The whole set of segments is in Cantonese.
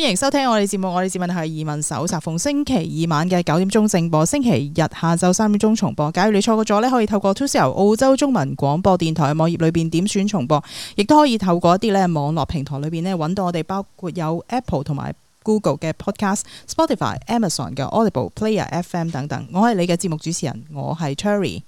歡迎收聽我哋節目，我哋節目係移民手冊，逢星期二晚嘅九點鐘正播，星期日下晝三點鐘重播。假如你錯過咗咧，可以透過 To Sea 由澳洲中文廣播電台嘅網頁裏邊點選重播，亦都可以透過一啲咧網絡平台裏邊咧搵到我哋，包括有 Apple 同埋 Google 嘅 Podcast、Spotify、Amazon 嘅 Audible、Player FM 等等。我係你嘅節目主持人，我係 Tury。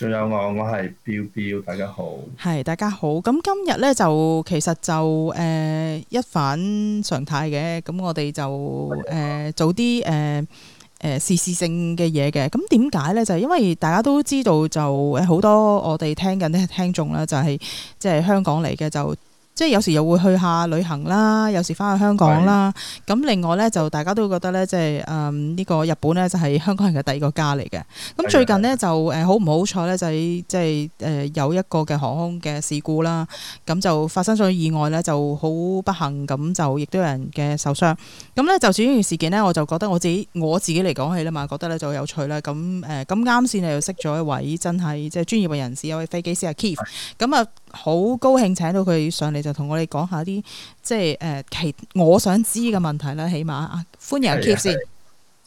仲有我，我係 Bill Bill，大家好。係，大家好。咁今日呢，就其實就誒、呃、一反常態嘅，咁我哋就誒、呃、做啲誒誒時事性嘅嘢嘅。咁點解呢？就係、因為大家都知道就、就係，就好多我哋聽緊啲聽眾啦，就係即係香港嚟嘅就。即係有時又會去下旅行啦，有時翻去香港啦。咁的另外咧，就大家都會覺得咧，即係誒呢個日本咧，就係香港人嘅第二個家嚟嘅。咁最近呢，就誒好唔好彩咧，就喺即係誒有一個嘅航空嘅事故啦。咁就發生咗意外咧，就好不幸咁就亦都有人嘅受傷。咁咧就至於呢件事件呢，我就覺得我自己我自己嚟講起啦嘛，覺得咧就有趣啦。咁誒咁啱先你又識咗一位真係即係專業嘅人士，一位飛機師阿 Keith 的。咁啊～.好高興請到佢上嚟，就同我哋講下啲即係誒、呃、其我想知嘅問題啦，起碼啊歡迎阿 Keith 先。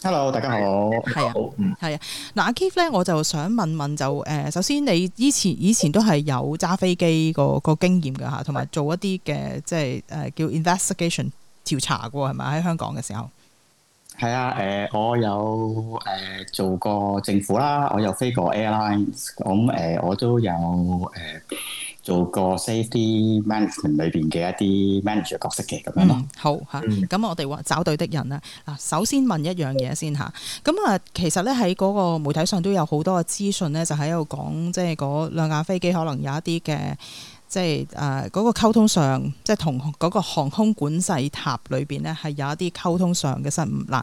Hello，大家好，係的、嗯、啊，係啊。嗱，Keith 咧，我就想問問就誒、呃，首先你以前以前都係有揸飛機個個經驗噶吓，同埋做一啲嘅即係誒、呃、叫 investigation 調查嘅係咪？喺香港嘅時候。係啊，誒、呃，我有誒、呃、做過政府啦，我有飛過 airlines，咁誒、呃，我都有誒、呃、做過 safety management 裏邊嘅一啲 manager 角色嘅咁樣、嗯、好嚇，咁、啊、我哋話找、嗯、找對的人啦。嗱，首先問一樣嘢先嚇，咁啊，其實咧喺嗰個媒體上都有好多嘅資訊咧，就喺度講，即係嗰兩架飛機可能有一啲嘅。即係誒，嗰、呃，嗰個溝通上，即係同嗰個航空管制塔裏邊咧，係有一啲溝通上嘅失誤。嗱，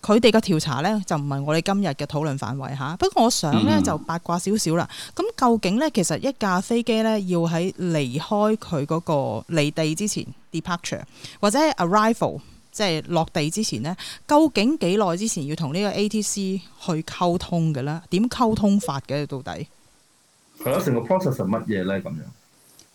佢哋嘅調查咧，就唔係我哋今日嘅討論範圍吓。不過我想咧，就八卦少少啦。咁究竟咧，其實一架飛機咧，要喺離開佢嗰個離地之前 （departure） 或者 arrival，即係落地之前咧，究竟幾耐之前要同呢個 ATC 去溝通嘅咧？點溝通法嘅到底？係咯，成個 process 係乜嘢咧？咁樣？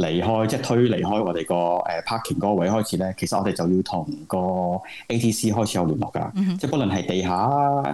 離開即係推離開我哋個誒、呃、parking 嗰個位開始咧，其實我哋就要同個 A T C 開始有聯絡㗎。Mm hmm. 即係，不論係地下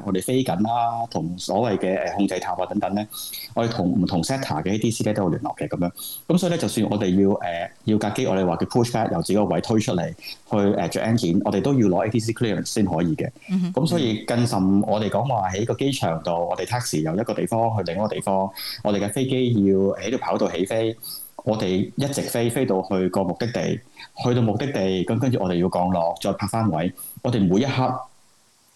我哋飛緊啦，同所謂嘅誒控制塔啊等等咧，我哋同唔同 sector 嘅 A T C 咧都有聯絡嘅咁樣。咁所以咧，就算我哋要誒、呃、要架機，我哋話嘅 push back 由自己個位推出嚟去誒、呃、着 engine，我哋都要攞 A T C clearance 先可以嘅。咁、mm hmm. 所以，更甚我哋講話喺個機場度，我哋 taxi 由一個地方去另一個地方，我哋嘅飛機要喺度跑道起飛。我哋一直飛飛到去個目的地，去到目的地，咁跟住我哋要降落，再拍翻位。我哋每一刻，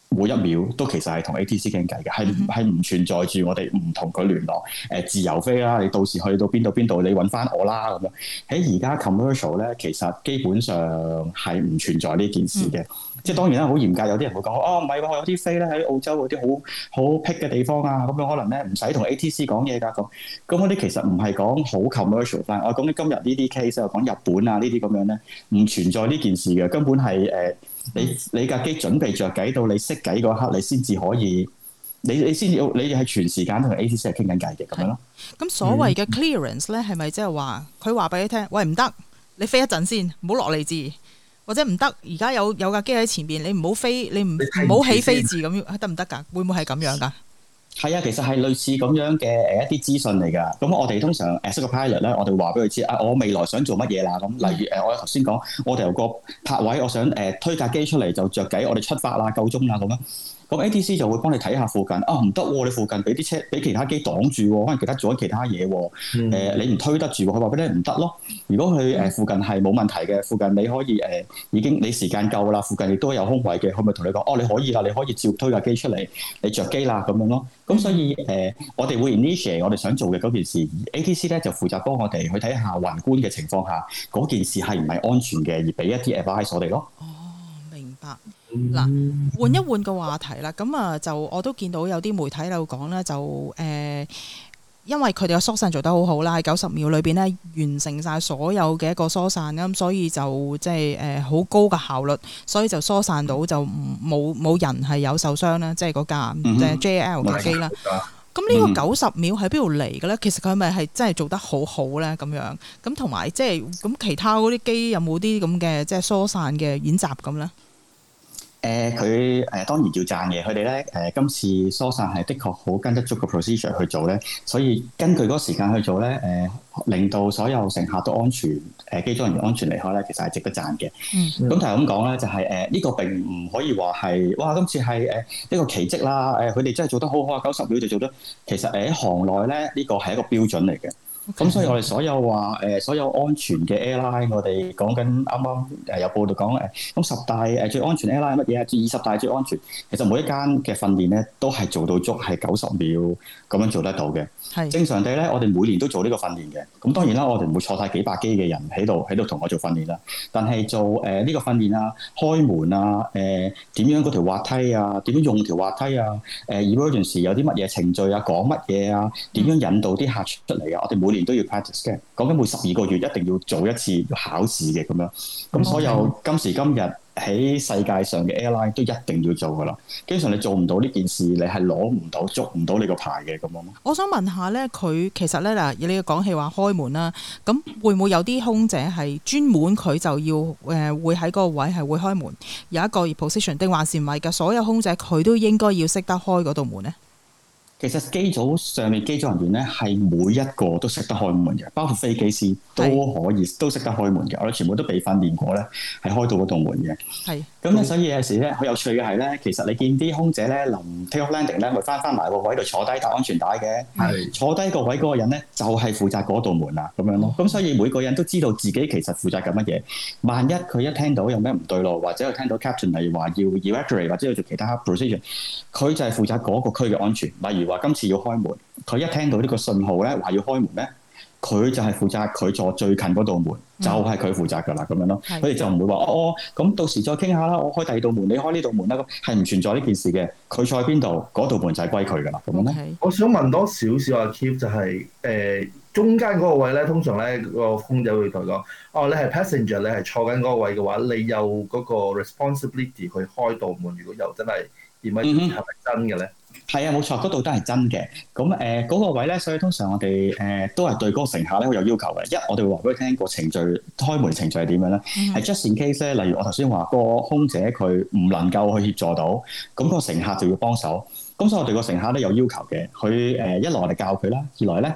每一秒都其實係同 ATC 傾偈嘅，係係唔存在住我哋唔同佢聯絡誒、呃、自由飛啦。你到時去到邊度邊度，你揾翻我啦咁樣。喺而家 commercial 咧，其實基本上係唔存在呢件事嘅。嗯、即係當然啦，好嚴格，有啲人會講，哦唔係喎，啊、有啲飛咧喺澳洲嗰啲好好僻嘅地方啊，咁樣可能咧唔使同 ATC 講嘢㗎咁。咁嗰啲其實唔係講好 commercial，翻。係我講緊今日呢啲 case 又講日本啊呢啲咁樣咧，唔存在呢件事嘅，根本係誒。呃你你架機準備着機到你熄機嗰刻，你先至可以，你你先要你係全時間同 ATC 係傾緊偈嘅咁樣咯。咁所謂嘅 clearance 咧，係咪即係話佢話俾你聽，嗯、喂唔得，你飛一陣先，唔好落嚟字，或者唔得，而家有有架機喺前邊，你唔好飛，你唔唔好起飛字咁樣，得唔得噶？會唔會係咁樣噶？係啊，其實係類似咁樣嘅誒一啲資訊嚟㗎。咁我哋通常誒識個 pilot 咧，我哋話俾佢知啊，我未來想做乜嘢啦。咁例如誒，我頭先講，我哋有個泊位，我想誒、啊、推架機出嚟就着偈，我哋出發啦，夠鐘啦咁啊。咁 ATC 就會幫你睇下附近啊，唔得喎！你附近俾啲車，俾其他機擋住喎、啊，可能其他做緊其他嘢喎、啊呃。你唔推得住、啊，佢話俾你唔得咯。如果佢誒附近係冇問題嘅，附近你可以誒、呃、已經你時間夠啦，附近亦都有空位嘅，佢咪同你講哦、啊，你可以啦，你可以照推架機出嚟，你着機啦咁樣咯。咁所以誒、呃，我哋會 initiate 我哋想做嘅嗰件事。 ATC 咧就負責幫我哋去睇下宏觀嘅情況下嗰件事係唔係安全嘅，而俾一啲 advice 我哋咯。嗱，換一換個話題啦。咁啊，就我都見到有啲媒體喺度講咧，就、呃、誒，因為佢哋嘅疏散做得好好啦，喺九十秒裏邊咧完成晒所有嘅一個疏散啦。咁，所以就即係誒好高嘅效率，所以就疏散到就冇冇人係有受傷啦。即係嗰架 J L 嘅機啦。咁、嗯、呢個九十秒喺邊度嚟嘅咧？其實佢咪係真係做得好好咧？咁樣咁同埋即係咁其他嗰啲機有冇啲咁嘅即係疏散嘅演習咁咧？誒佢誒當然要讚嘅，佢哋咧誒今次疏散係的確好跟得足個 procedure 去做咧，所以根據嗰個時間去做咧，誒令到所有乘客都安全，誒機艙人員安全離開咧，其實係值得讚嘅。咁但係咁講咧，就係誒呢個並唔可以話係哇今次係誒呢個奇蹟啦，誒佢哋真係做得好好啊，九十秒就做得，其實誒喺行內咧呢個係一個標準嚟嘅。咁 Okay.、嗯、所以我哋所有話誒，所有安全嘅 airline 我哋講緊，啱啱誒有報道講誒，咁十大誒最安全 airline 乜嘢啊？最二十大最安全，其實每一間嘅訓練咧，都係做到足係九十秒咁樣做得到嘅。是正常地咧，我哋每年都做呢個訓練嘅。咁當然啦，我哋唔會坐曬幾百機嘅人喺度，喺度同我做訓練啦。但係做誒呢、呃這個訓練啊，開門啊，誒、呃、點樣嗰條滑梯啊，點樣用條滑梯啊，emergency 有啲乜嘢程序啊，講乜嘢啊，點樣引導啲客出嚟啊？嗯、我哋每年都要 practice 嘅，講緊每十二個月一定要做一次考試嘅咁樣。咁、嗯、所有今時今日，喺世界上嘅 airline 都一定要做噶啦，基本上你做唔到呢件事，你係攞唔到、捉唔到你個牌嘅咁啊。樣我想問下呢，佢其實呢，嗱，你講起話說開門啦，咁會唔會有啲空姐係專門佢就要誒、呃、會喺嗰個位係會開門？有一個 position 定還是唔係嘅？所有空姐佢都應該要識得開嗰道門咧？其實機組上面機組人員咧，係每一個都識得開門嘅，包括飛機師都可以是都識得開門嘅。我哋全部都被訓練過咧，係開到嗰道門嘅。係是。咁咧，所以有時咧，好有趣嘅係咧，其實你見啲空姐咧，臨 take landing 咧，咪翻返埋喎，個位度坐低搭安全帶嘅。係是。坐低個位嗰個人咧，就係、是、負責嗰道門啦，咁樣咯。咁所以每個人都知道自己其實負責緊乜嘢。萬一佢一聽到有咩唔對路，或者佢聽到 captain 係話要 evacuate 或者要做其他 procedure，佢就係負責嗰個區嘅安全。例如。話今次要開門，佢一聽到呢個信號咧，話要開門咧，佢就係負責佢坐最近嗰道門，嗯、就係佢負責噶啦，咁樣咯。佢哋的就唔會話哦，咁、哦、到時再傾下啦，我開第二道門，你開呢道門啦，咁係唔存在呢件事嘅。佢坐喺邊度，嗰道門就係歸佢噶啦，咁樣呢。Okay. 我想問多少少啊，Keith 就係、是、誒、呃，中間嗰個位咧，通常咧、嗰個空姐會同佢講，哦，你係 passenger，你係坐緊嗰個位嘅話，你有嗰個 responsibility 去開道門，如果又真係點乜嘢？係咪真嘅咧？是係啊，冇錯，嗰度都係真嘅。咁誒，嗰、呃嗰個位咧，所以通常我哋誒、呃、都係對嗰個乘客咧好有要求嘅。一，我哋會話俾佢聽個程序開門程序係點樣咧？係、mm hmm. just in case 咧，例如我頭先話個空姐佢唔能夠去協助到，咁、個乘客就要幫手。咁所以我哋個乘客咧有要求嘅，佢誒一來我哋教佢啦，二來咧誒、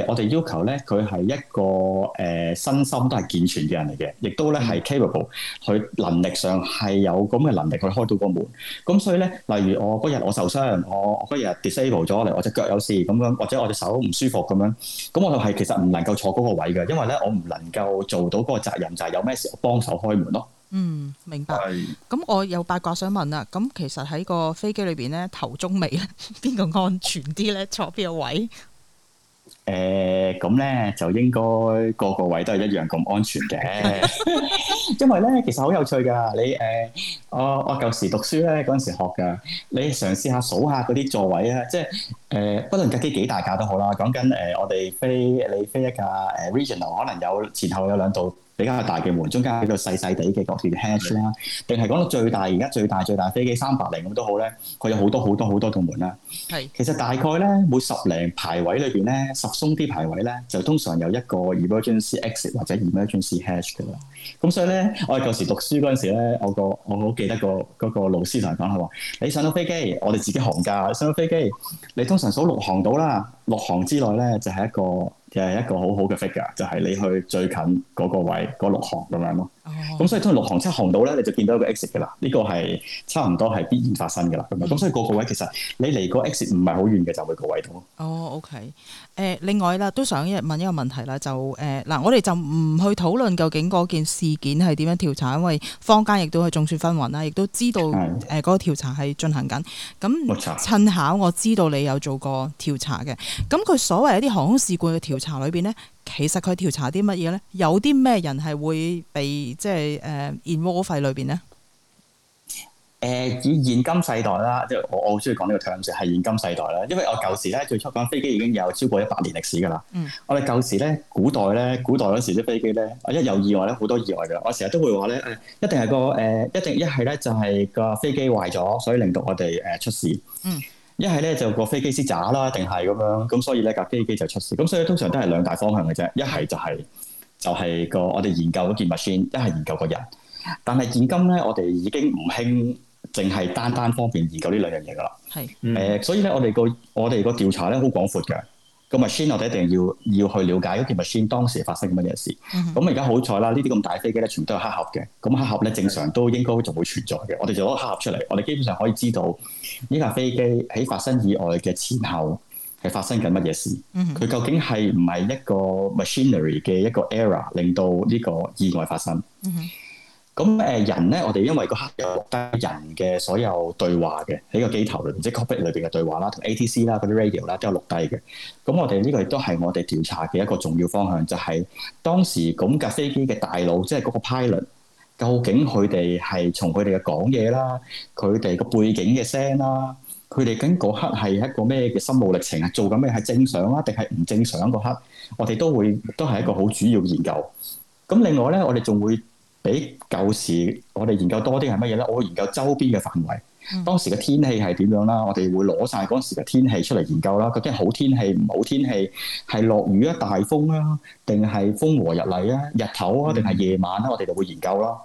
呃、我哋要求咧佢係一個誒、呃、身心都係健全嘅人嚟嘅，亦都咧係 capable，佢能力上係有咁嘅能力去開到個門。咁所以咧，例如我嗰日我受傷，我嗰日 disable 咗嚟，我隻腳有事咁樣，或者我隻手唔舒服咁樣，咁我就係其實唔能夠坐嗰個位嘅，因為咧我唔能夠做到嗰個責任，就係、是、有咩事我幫手開門咯。嗯，明白。咁我有八卦想問啦。咁其實喺個飛機裏邊咧，頭中尾邊個安全啲咧？坐邊個位？誒，咁咧就應該個個位都係一樣咁安全嘅，因為咧其實好有趣噶。你誒，我我舊時讀書咧嗰陣時學噶，你嘗試下數下嗰啲座位啊，即係誒，不論架機幾大架都好啦。講緊誒，我哋飛你飛一架誒，Regional 可能有前後有兩度。比較大嘅門，中間一個細細地嘅嗰段 hatch 啦，定係講到最大，而家最大最大飛機三百零咁都好咧，佢有好多好多好多個門啦。係的，其實大概咧每十零排位裏邊咧，十鬆啲排位咧，就通常有一個 emergency exit 或者 emergency hatch 嘅啦。咁所以咧，我哋舊時讀書嗰陣時咧，我個我好記得個嗰個老師同我講，係話你上到飛機，我哋自己航架上到飛機，你通常數六航到啦，六航之內咧就係一個誒、就係、一個好好嘅 figure，就係你去最近嗰個位嗰六航咁樣咯。咁、哦、所以當六行七行到咧，你就見到一個 exit 嘅啦。呢、這個係差唔多係必然發生嘅啦。咁、嗯、所以個個位其實你離個 exit 唔係好遠嘅，就每個位到。哦，OK。誒、呃，另外啦，都想問一個問題啦，就誒嗱、呃，我哋就唔去討論究竟嗰件事件係點樣調查，因為坊間亦都係眾說紛紜啦，亦都知道誒嗰個調查係進行緊。咁冇錯，趁巧，我知道你有做過調查嘅。咁佢所謂一啲航空事故嘅調查裏邊咧。其實佢調查啲乜嘢咧？有啲咩人係會被即係誒 involve 喺裏邊咧？誒、呃，以現今世代啦，即係我我好中意講呢個 terms 係現今世代啦。因為我舊時咧，最初講飛機已經有超過一百年歷史噶啦。嗯。我哋舊時咧，古代咧，古代嗰時啲飛機咧，一有意外咧，好多意外噶啦。我成日都會話咧，誒一定係個誒、呃、一定一係咧就係個飛機壞咗，所以令到我哋誒出事。嗯。一係咧就個飛機師渣啦，定係咁樣，咁所以咧架飛機就出事。咁所以通常都係兩大方向嘅啫。一係就係、是、就係、是、個我哋研究嗰件物先，一係研究個人。但係現今咧，我哋已經唔興淨係單單方面研究呢兩樣嘢㗎喇。係是，誒、呃，所以咧我哋個我哋個調查咧好廣闊嘅。嗰個 machine 我哋一定要要去了解嗰架 machine 當時發生乜嘢事。咁而家好彩啦，呢啲咁大飛機咧，全部都係黑盒嘅。咁黑盒咧，正常都應該仲會存在嘅。我哋就攞黑盒出嚟，我哋基本上可以知道呢架飛機喺發生意外嘅前後係發生緊乜嘢事。佢、mm hmm. 究竟係唔係一個 machinery 嘅一個 error 令到呢個意外發生？Mm hmm. 咁誒人咧，我哋因為個黑有錄低人嘅所有對話，嘅喺個機頭，即係 cockpit 裏邊嘅對話啦，同 ATC 啦，嗰啲 radio 啦都有錄低嘅。咁我哋呢個亦都係我哋調查嘅一個重要方向，就係、是、當時咁架飛機嘅大佬，即係嗰個 pilot，究竟佢哋係從佢哋嘅講嘢啦，佢哋個背景嘅聲啦，佢哋緊嗰刻係一個咩嘅心路歷程啊？做緊咩係正常啊？定係唔正常嗰刻？我哋都會都係一個好主要研究。咁另外咧，我哋仲會。比舊時我哋研究多啲係乜嘢咧？我會研究周邊嘅範圍，當時嘅天氣係點樣啦？我哋會攞晒嗰陣時嘅天氣出嚟研究啦。究竟好天氣、唔好天氣，係落雨啊、大風啊，定係風和日麗啊、日頭啊，定係夜晚啊？我哋就會研究啦。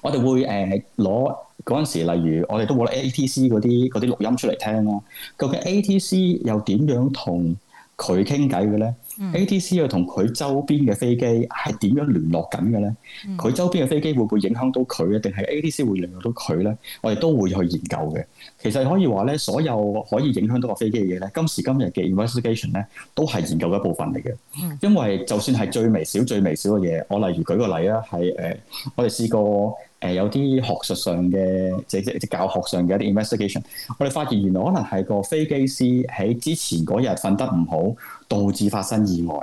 我哋會誒攞嗰陣時，例如我哋都攞 ATC 嗰啲嗰啲錄音出嚟聽啦。究竟 ATC 又點樣同佢傾偈嘅咧？A.T.C. 佢同佢周邊嘅飛機係點樣聯絡緊嘅咧？佢、嗯、周邊嘅飛機會唔會影響到佢咧？定係 A.T.C. 會聯絡到佢咧？我哋都會去研究嘅。其實可以話咧，所有可以影響到個飛機嘅嘢咧，今時今日嘅 investigation 咧，都係研究，研究一部分嚟嘅。因為就算係最微小、最微小嘅嘢，我例如舉個例啦，係誒、呃，我哋試過誒、呃、有啲學術上嘅，即即即教學上嘅一啲 investigation，我哋發現原來可能係個飛機師喺之前嗰日瞓得唔好。導致發生意外，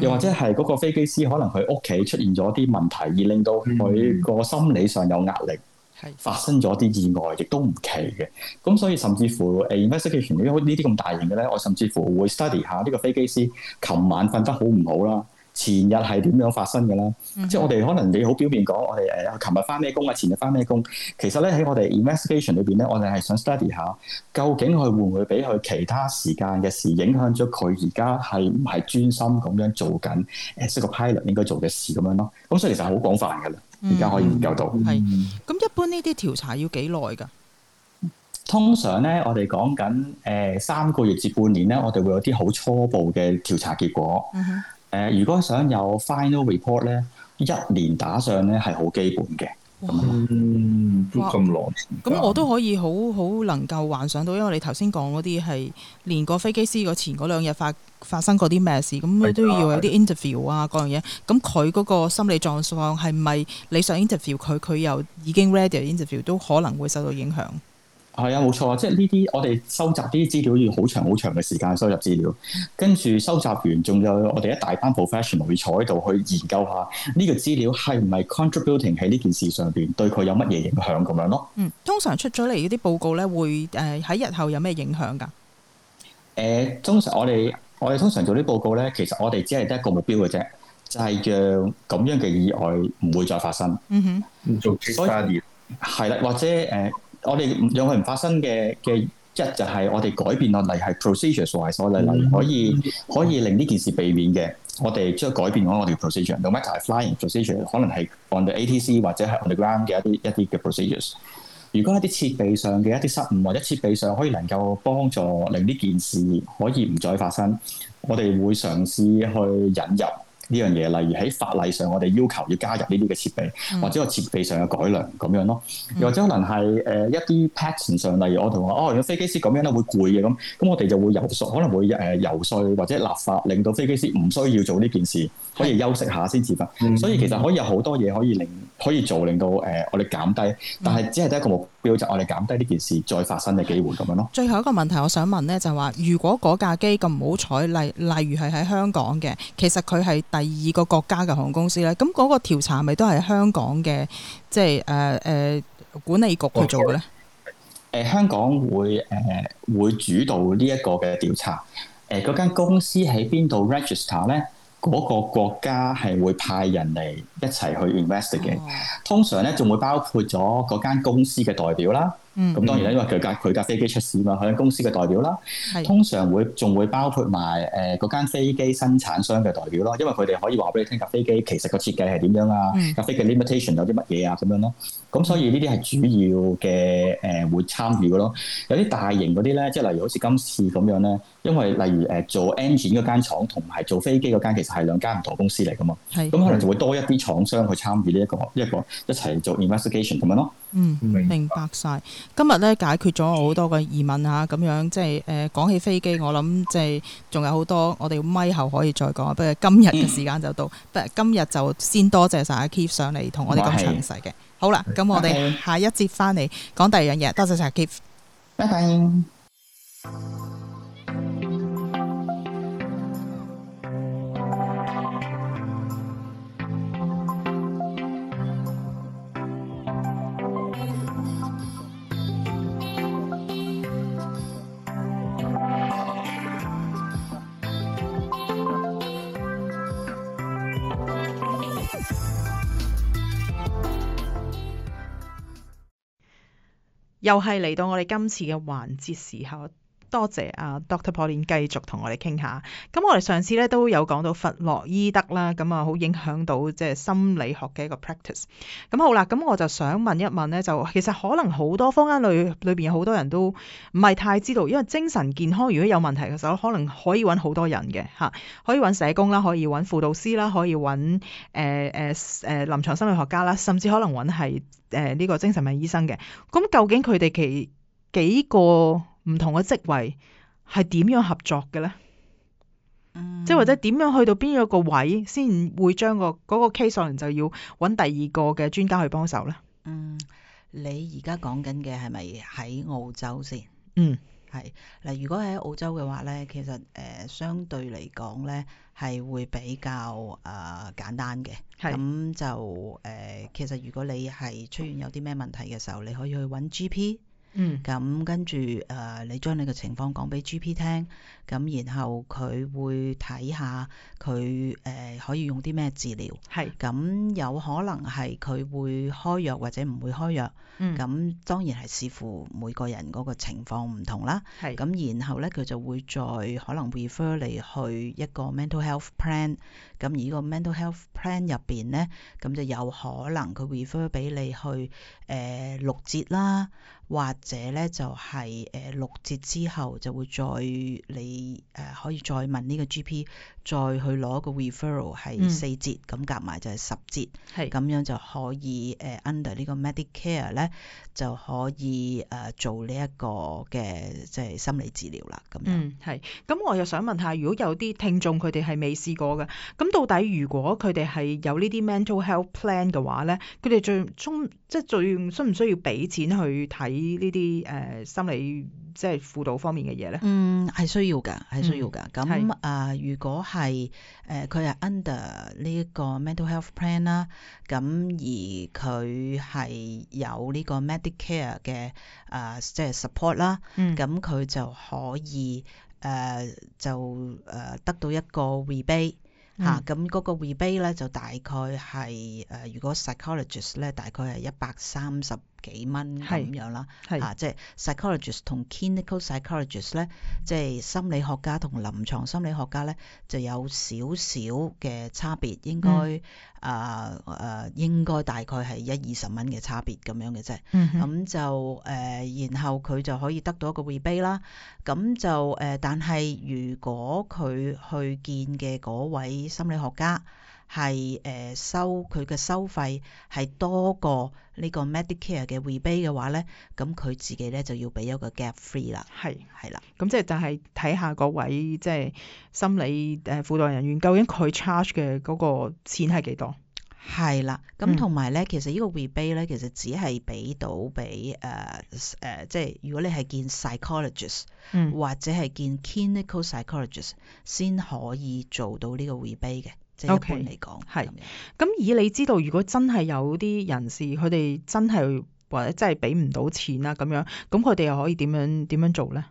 又或者係嗰個飛機師可能佢屋企出現咗啲問題，而令到佢個心理上有壓力，發生咗啲意外，亦都唔奇嘅。咁所以甚至乎誒 investigation，呢啲咁大型嘅咧，我甚至乎會 study 下呢個飛機師琴晚瞓得好唔好啦。前日係點樣發生嘅啦？嗯、即係我哋可能你好表面講，我哋誒琴日翻咩工啊，前日翻咩工？其實咧喺我哋 investigation 裏邊咧，我哋係想 study 下，究竟佢會唔會俾佢其他時間嘅事影響咗佢而家係唔係專心咁樣做緊誒，呢個 pilot 應該做嘅事咁樣咯。咁所以其實好廣泛嘅啦，而家、嗯、可以研究到。係咁，一般呢啲調查要幾耐㗎？嗯、通常咧，我哋講緊誒三個月至半年咧，我哋會有啲好初步嘅調查結果。嗯誒，如果想有 final report 咧，一年打上咧係好基本嘅。哇嗯，咁耐。咁我都可以好好能夠幻想到，因為你頭先講嗰啲係連個飛機師個前嗰兩日發發生過啲咩事，咁佢都要有啲 interview 啊，各樣嘢。咁佢嗰個心理狀況係咪你想 interview 佢，佢又已經 ready interview 都可能會受到影響。係啊，冇錯啊！即係呢啲，我哋收集啲資料要好長好長嘅時間收集資料，跟住、嗯、收集完仲有我哋一大班 professional 會坐喺度去研究下呢個資料係唔係 contributing 喺呢件事上邊對佢有乜嘢影響咁樣咯。嗯，通常出咗嚟嗰啲報告咧，會誒喺日後有咩影響㗎？誒、嗯，通常，嗯、通常我哋我哋通常做啲報告咧，其實我哋只係得一個目標嘅啫，就係讓咁樣嘅意外唔會再發生。嗯哼，所以係啦，或者誒。我哋讓佢唔發生嘅嘅一就係我哋改變落嚟係 procedures 所係所嚟，可以可以令呢件事避免嘅。我哋將改變咗我哋 procedure，no matter 係 flying procedure，可能係 on the ATC 或者係 on the ground 嘅一啲一啲嘅 procedures。如果一啲設備上嘅一啲失誤或者設備上可以能夠幫助令呢件事可以唔再發生，我哋會嘗試去引入。呢樣嘢，例如喺法例上，我哋要求要加入呢啲嘅設備，或者個設備上嘅改良咁樣咯，又、嗯、或者可能係誒、呃、一啲 pattern 上，例如我同我哦，如果飛機師咁樣咧會攰嘅咁，咁我哋就會游說，可能會誒游説或者立法，令到飛機師唔需要做呢件事，可以休息下先至發。嗯、所以其實可以有好多嘢可以令可以做，令到誒、呃、我哋減低，但係只係得一個目標，就係、我哋減低呢件事再發生嘅機會咁樣咯。最後一個問題我想問咧，就話、係、如果嗰架機咁唔好彩，例例如係喺香港嘅，其實佢係，第二個國家嘅航空公司咧，咁嗰個調查咪都係香港嘅，即係誒誒管理局去做嘅咧。誒、呃、香港會誒、呃、會主導呢一個嘅調查。誒嗰間公司喺邊度 register 咧？嗰、那個國家係會派人嚟一齊去 investigate 嘅。通常咧，仲會包括咗嗰間公司嘅代表啦。嗯，咁當然啦，因為佢架佢架飛機出事嘛，佢係公司嘅代表啦。是通常會仲會包括埋誒嗰間飛機生產商嘅代表啦，因為佢哋可以話俾你聽架飛機其實個設計係點樣啊，架是飛機 limitation 有啲乜嘢啊咁樣咯、啊。咁所以呢啲係主要嘅誒、呃、會參與嘅咯。有啲大型嗰啲咧，即係例如好似今次咁樣咧。因為例如誒做 engine 嗰間廠同埋做飛機嗰間其實係兩間唔同公司嚟噶嘛，咁是、嗯、可能就會多一啲廠商去參與呢一個，一、這個一齊做 investigation 咁樣咯。嗯、明白晒。今日咧解決咗好多嘅疑問吓，咁、啊、樣即係誒講起飛機，我諗即係仲有好多我哋咪後可以再講，不過今日嘅時間就到，不、嗯、今日就先多謝晒阿 Keith 上嚟同我哋咁詳細嘅。是好啦，咁是我哋下一節翻嚟講第二樣嘢。多謝晒 Keith，拜拜。拜拜拜拜。又係嚟到我哋今次嘅環節時候。多謝啊，Dr Pauline 繼續同我哋傾下。咁我哋上次咧都有講到弗洛伊德啦，咁啊好影響到即係心理學嘅一個 practice。咁好啦，咁我就想問一問咧，就其實可能好多坊間裏裏邊有好多人都唔係太知道，因為精神健康如果有問題嘅時候，可能可以揾好多人嘅嚇、啊，可以揾社工啦，可以揾輔導師啦，可以揾誒誒誒臨床心理學家啦，甚至可能揾係誒呢個精神病醫生嘅。咁究竟佢哋其幾個？唔同嘅職位係點樣合作嘅咧？即係、嗯、或者點樣去到邊一個位先會將個個 case 上嚟，就要揾第二個嘅專家去幫手咧？嗯，你而家講緊嘅係咪喺澳洲先？嗯，係。嗱，如果喺澳洲嘅話咧，其實誒、呃、相對嚟講咧係會比較誒、呃、簡單嘅。係。咁就誒、呃，其實如果你係出現有啲咩問題嘅時候，你可以去揾 GP。嗯，咁跟住誒、呃，你將你嘅情況講俾 GP 聽，咁然後佢會睇下佢誒、呃、可以用啲咩治療，係，咁是、嗯、有可能係佢會開藥或者唔會開藥。咁、嗯、當然係視乎每個人嗰個情況唔同啦。係的，咁然後咧佢就會再可能 refer 你去一個 mental health plan。咁而呢個 mental health plan 入邊咧，咁就有可能佢 refer 俾你去誒、呃、六節啦，或者咧就係、是、誒、呃、六節之後就會再你誒、呃、可以再問呢個 GP。再去攞個 referral 係四節，咁夾埋就係十節，咁、嗯、樣就可以誒 under 呢個 Medicare 咧，就可以誒做呢一個嘅即係心理治療啦。咁樣係，咁、嗯、我又想問下，如果有啲聽眾佢哋係未試過嘅，咁到底如果佢哋係有呢啲 mental health plan 嘅話咧，佢哋最中即係最需唔需要俾錢去睇呢啲誒心理即係輔導方面嘅嘢咧？嗯，係需要㗎，係需要㗎。咁啊，如果係誒佢係 under 呢個 mental health plan 啦、呃，咁而佢係有呢個 Medicare 嘅啊，即係 support 啦，咁、就、佢、是嗯、就可以誒、呃、就誒得到一個 rebate 嚇，咁嗰、啊那個 rebate 咧就大概係誒、呃，如果 psychologist 咧大概係一百三十幾蚊咁樣啦，嚇、啊，即係 ps psychologist 同 clinical psychologist 咧，即係心理學家同臨床心理學家咧，就有少少嘅差別，應該、嗯。啊誒、啊，應該大概係一二十蚊嘅差別咁樣嘅啫，嗯，哼嗯，咁就誒、呃，然後佢就可以得到一個 rebate 啦，咁、嗯、就誒、呃，但係如果佢去見嘅嗰位心理學家。係誒、呃、收佢嘅收費係多過呢個 Medicare 嘅 rebate 嘅話咧，咁佢自己咧就要俾一個 gap free 是啦。係係啦，咁即係但係睇下嗰位即係心理誒輔、呃、導人員，究竟佢 charge 嘅嗰個錢係幾多？係啦，咁同埋咧，其實個呢個 rebate 咧，其實只係俾到俾誒誒，即係如果你係見 psychologist、嗯、或者係見 clinical psychologist 先可以做到呢個 rebate 嘅。即一般 O.K.，嚟咁樣。咁以你知道，如果真係有啲人士，佢哋真係或者真係俾唔到錢啦咁樣，咁佢哋又可以點樣點樣做咧？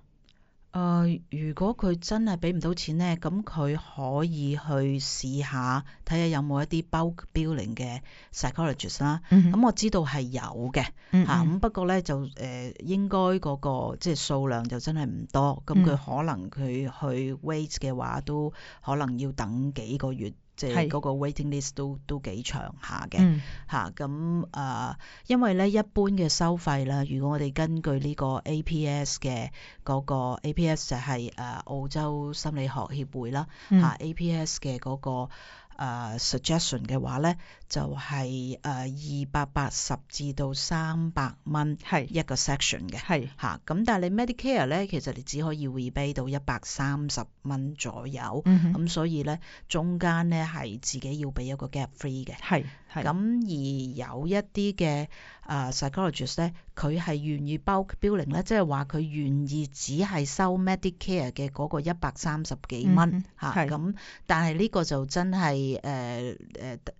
誒、呃，如果佢真係俾唔到錢咧，咁佢可以去試下睇下有冇一啲 building 嘅 p s y c h o l o g i s t 啦。咁我知道係有嘅嚇。咁、嗯、哼不過咧就誒、呃，應該嗰、那個即係數量就真係唔多。咁佢可能佢去 wait 嘅話，都可能要等幾個月。即係嗰個 waiting list 都都幾長下嘅嚇，咁、嗯、啊，因為咧一般嘅收費啦，如果我哋根據呢個 APS 嘅嗰、嗰個、嗯、APS 就係誒澳洲心理學協會啦嚇，APS 嘅嗰個。誒、uh, suggestion 嘅話咧，就係誒二百八十至到三百蚊，係、uh, 一個 section 嘅是，係吓的，咁但係你 Medicare 咧，其實你只可以 rebate 到一百三十蚊左右，嗯哼，咁所以咧中間咧係自己要俾一個 gap free 嘅，係。咁而有一啲嘅啊 psychologist 咧，佢係願意包標零咧，即係話佢願意只係收 Medicare 嘅嗰個一百三十幾蚊吓，咁但係呢個就真係誒誒